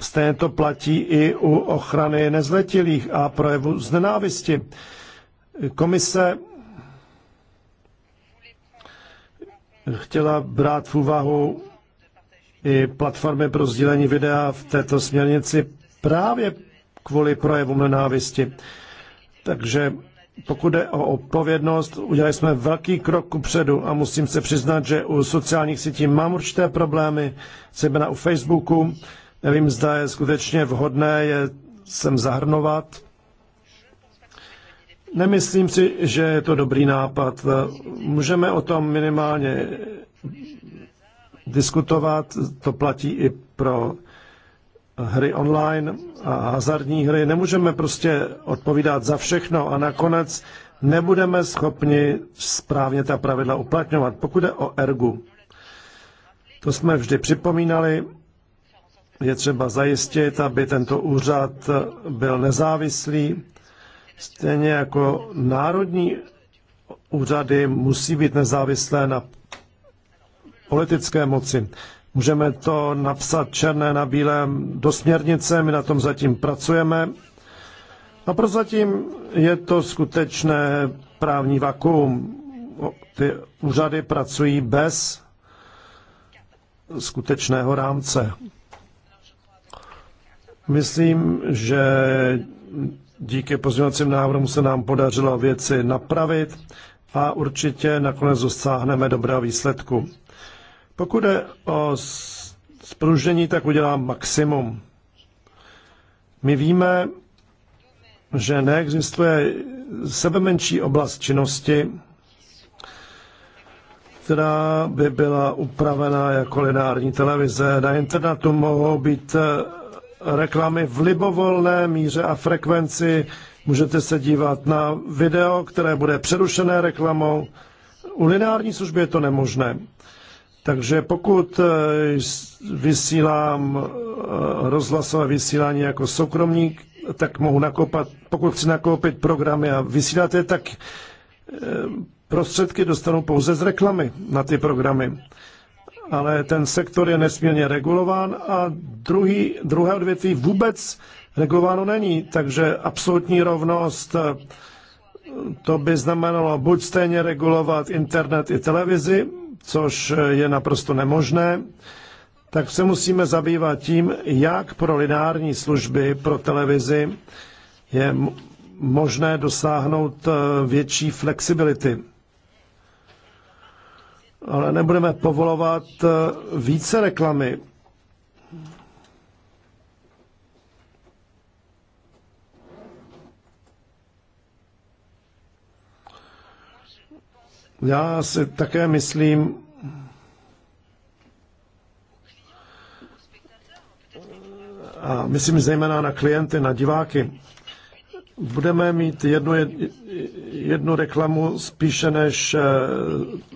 S3: Stejně to platí i u ochrany nezletilých a projevu z nenávisti. Komise chtěla brát v úvahu i platformy pro sdílení videa v této směrnici právě kvůli projevu nenávisti. Takže pokud je o odpovědnost, udělali jsme velký krok kupředu a musím se přiznat, že u sociálních sítí mám určité problémy, zejména u Facebooku, Nevím, zda je skutečně vhodné je sem zahrnovat. Nemyslím si, že je to dobrý nápad. Můžeme o tom minimálně diskutovat. To platí i pro hry online a hazardní hry. Nemůžeme prostě odpovídat za všechno a nakonec nebudeme schopni správně ta pravidla uplatňovat. Pokud je o ergu, to jsme vždy připomínali je třeba zajistit, aby tento úřad byl nezávislý. Stejně jako národní úřady musí být nezávislé na politické moci. Můžeme to napsat černé na bílém do směrnice, my na tom zatím pracujeme. A prozatím je to skutečné právní vakuum. Ty úřady pracují bez skutečného rámce. Myslím, že díky pozměňovacím návrhům se nám podařilo věci napravit a určitě nakonec dosáhneme dobrého výsledku. Pokud je o spružení, tak udělám maximum. My víme, že neexistuje sebemenší oblast činnosti, která by byla upravená jako lineární televize. Na internetu mohou být reklamy v libovolné míře a frekvenci. Můžete se dívat na video, které bude přerušené reklamou. U lineární služby je to nemožné. Takže pokud eh, vysílám eh, rozhlasové vysílání jako soukromník, tak mohu nakoupat, pokud chci nakoupit programy a vysílat je, tak eh, prostředky dostanu pouze z reklamy na ty programy ale ten sektor je nesmírně regulován a druhý, druhé odvětví vůbec regulováno není. Takže absolutní rovnost, to by znamenalo buď stejně regulovat internet i televizi, což je naprosto nemožné, tak se musíme zabývat tím, jak pro lineární služby, pro televizi je možné dosáhnout eh, větší flexibility ale nebudeme povolovat eh, více reklamy. Já si také myslím, a myslím zejména na klienty, na diváky, budeme mít jednu, jednu reklamu spíše než eh,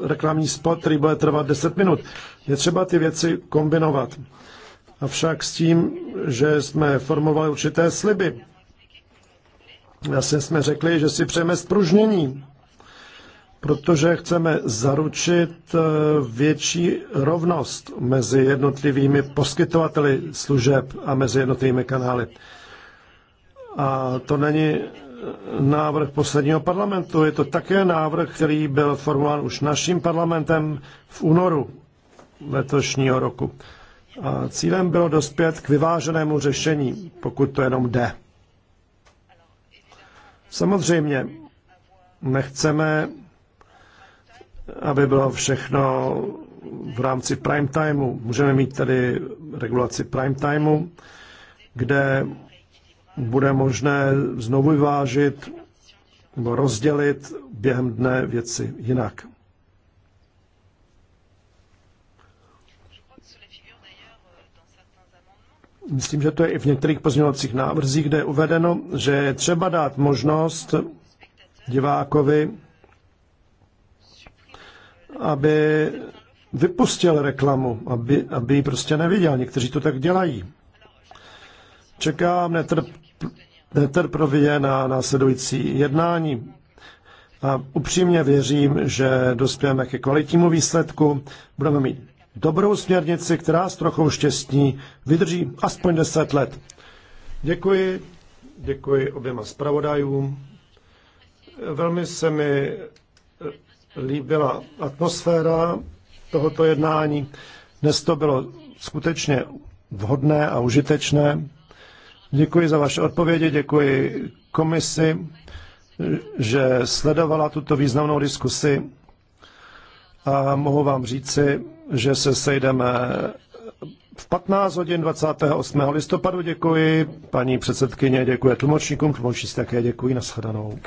S3: reklamní spot, který bude trvat 10 minut. Je třeba ty věci kombinovat. Avšak s tím, že jsme formovali určité sliby. Jasně jsme řekli, že si přejeme spružnění, protože chceme zaručit eh, větší rovnost mezi jednotlivými poskytovateli služeb a mezi jednotlivými kanály. A to není návrh posledního parlamentu, je to také návrh, který byl formulován už naším parlamentem v únoru letošního roku. A cílem bylo dospět k vyváženému řešení, pokud to jenom jde. Samozřejmě nechceme, aby bylo všechno v rámci prime timeu. Můžeme mít tady regulaci prime timeu, kde bude možné znovu vyvážit nebo rozdělit během dne věci jinak. Myslím, že to je i v některých pozměňovacích návrzích, kde je uvedeno, že je třeba dát možnost divákovi, aby vypustil reklamu, aby, aby ji prostě neviděl. Někteří to tak dělají. Čekám netrp, teprve je na následující jednání. A upřímně věřím, že dospějeme ke kvalitnímu výsledku. Budeme mít dobrou směrnici, která s trochou štěstí vydrží aspoň 10 let. Děkuji, děkuji oběma zpravodajům. Velmi se mi líbila atmosféra tohoto jednání. Dnes to bylo skutečně vhodné a užitečné. Děkuji za vaše odpovědi, děkuji komisi, že sledovala tuto významnou diskusi a mohu vám říci, že se sejdeme v 15 hodin 28. listopadu. Děkuji paní předsedkyně, děkuji tlumočníkům, tlumočníci také děkuji, nashledanou.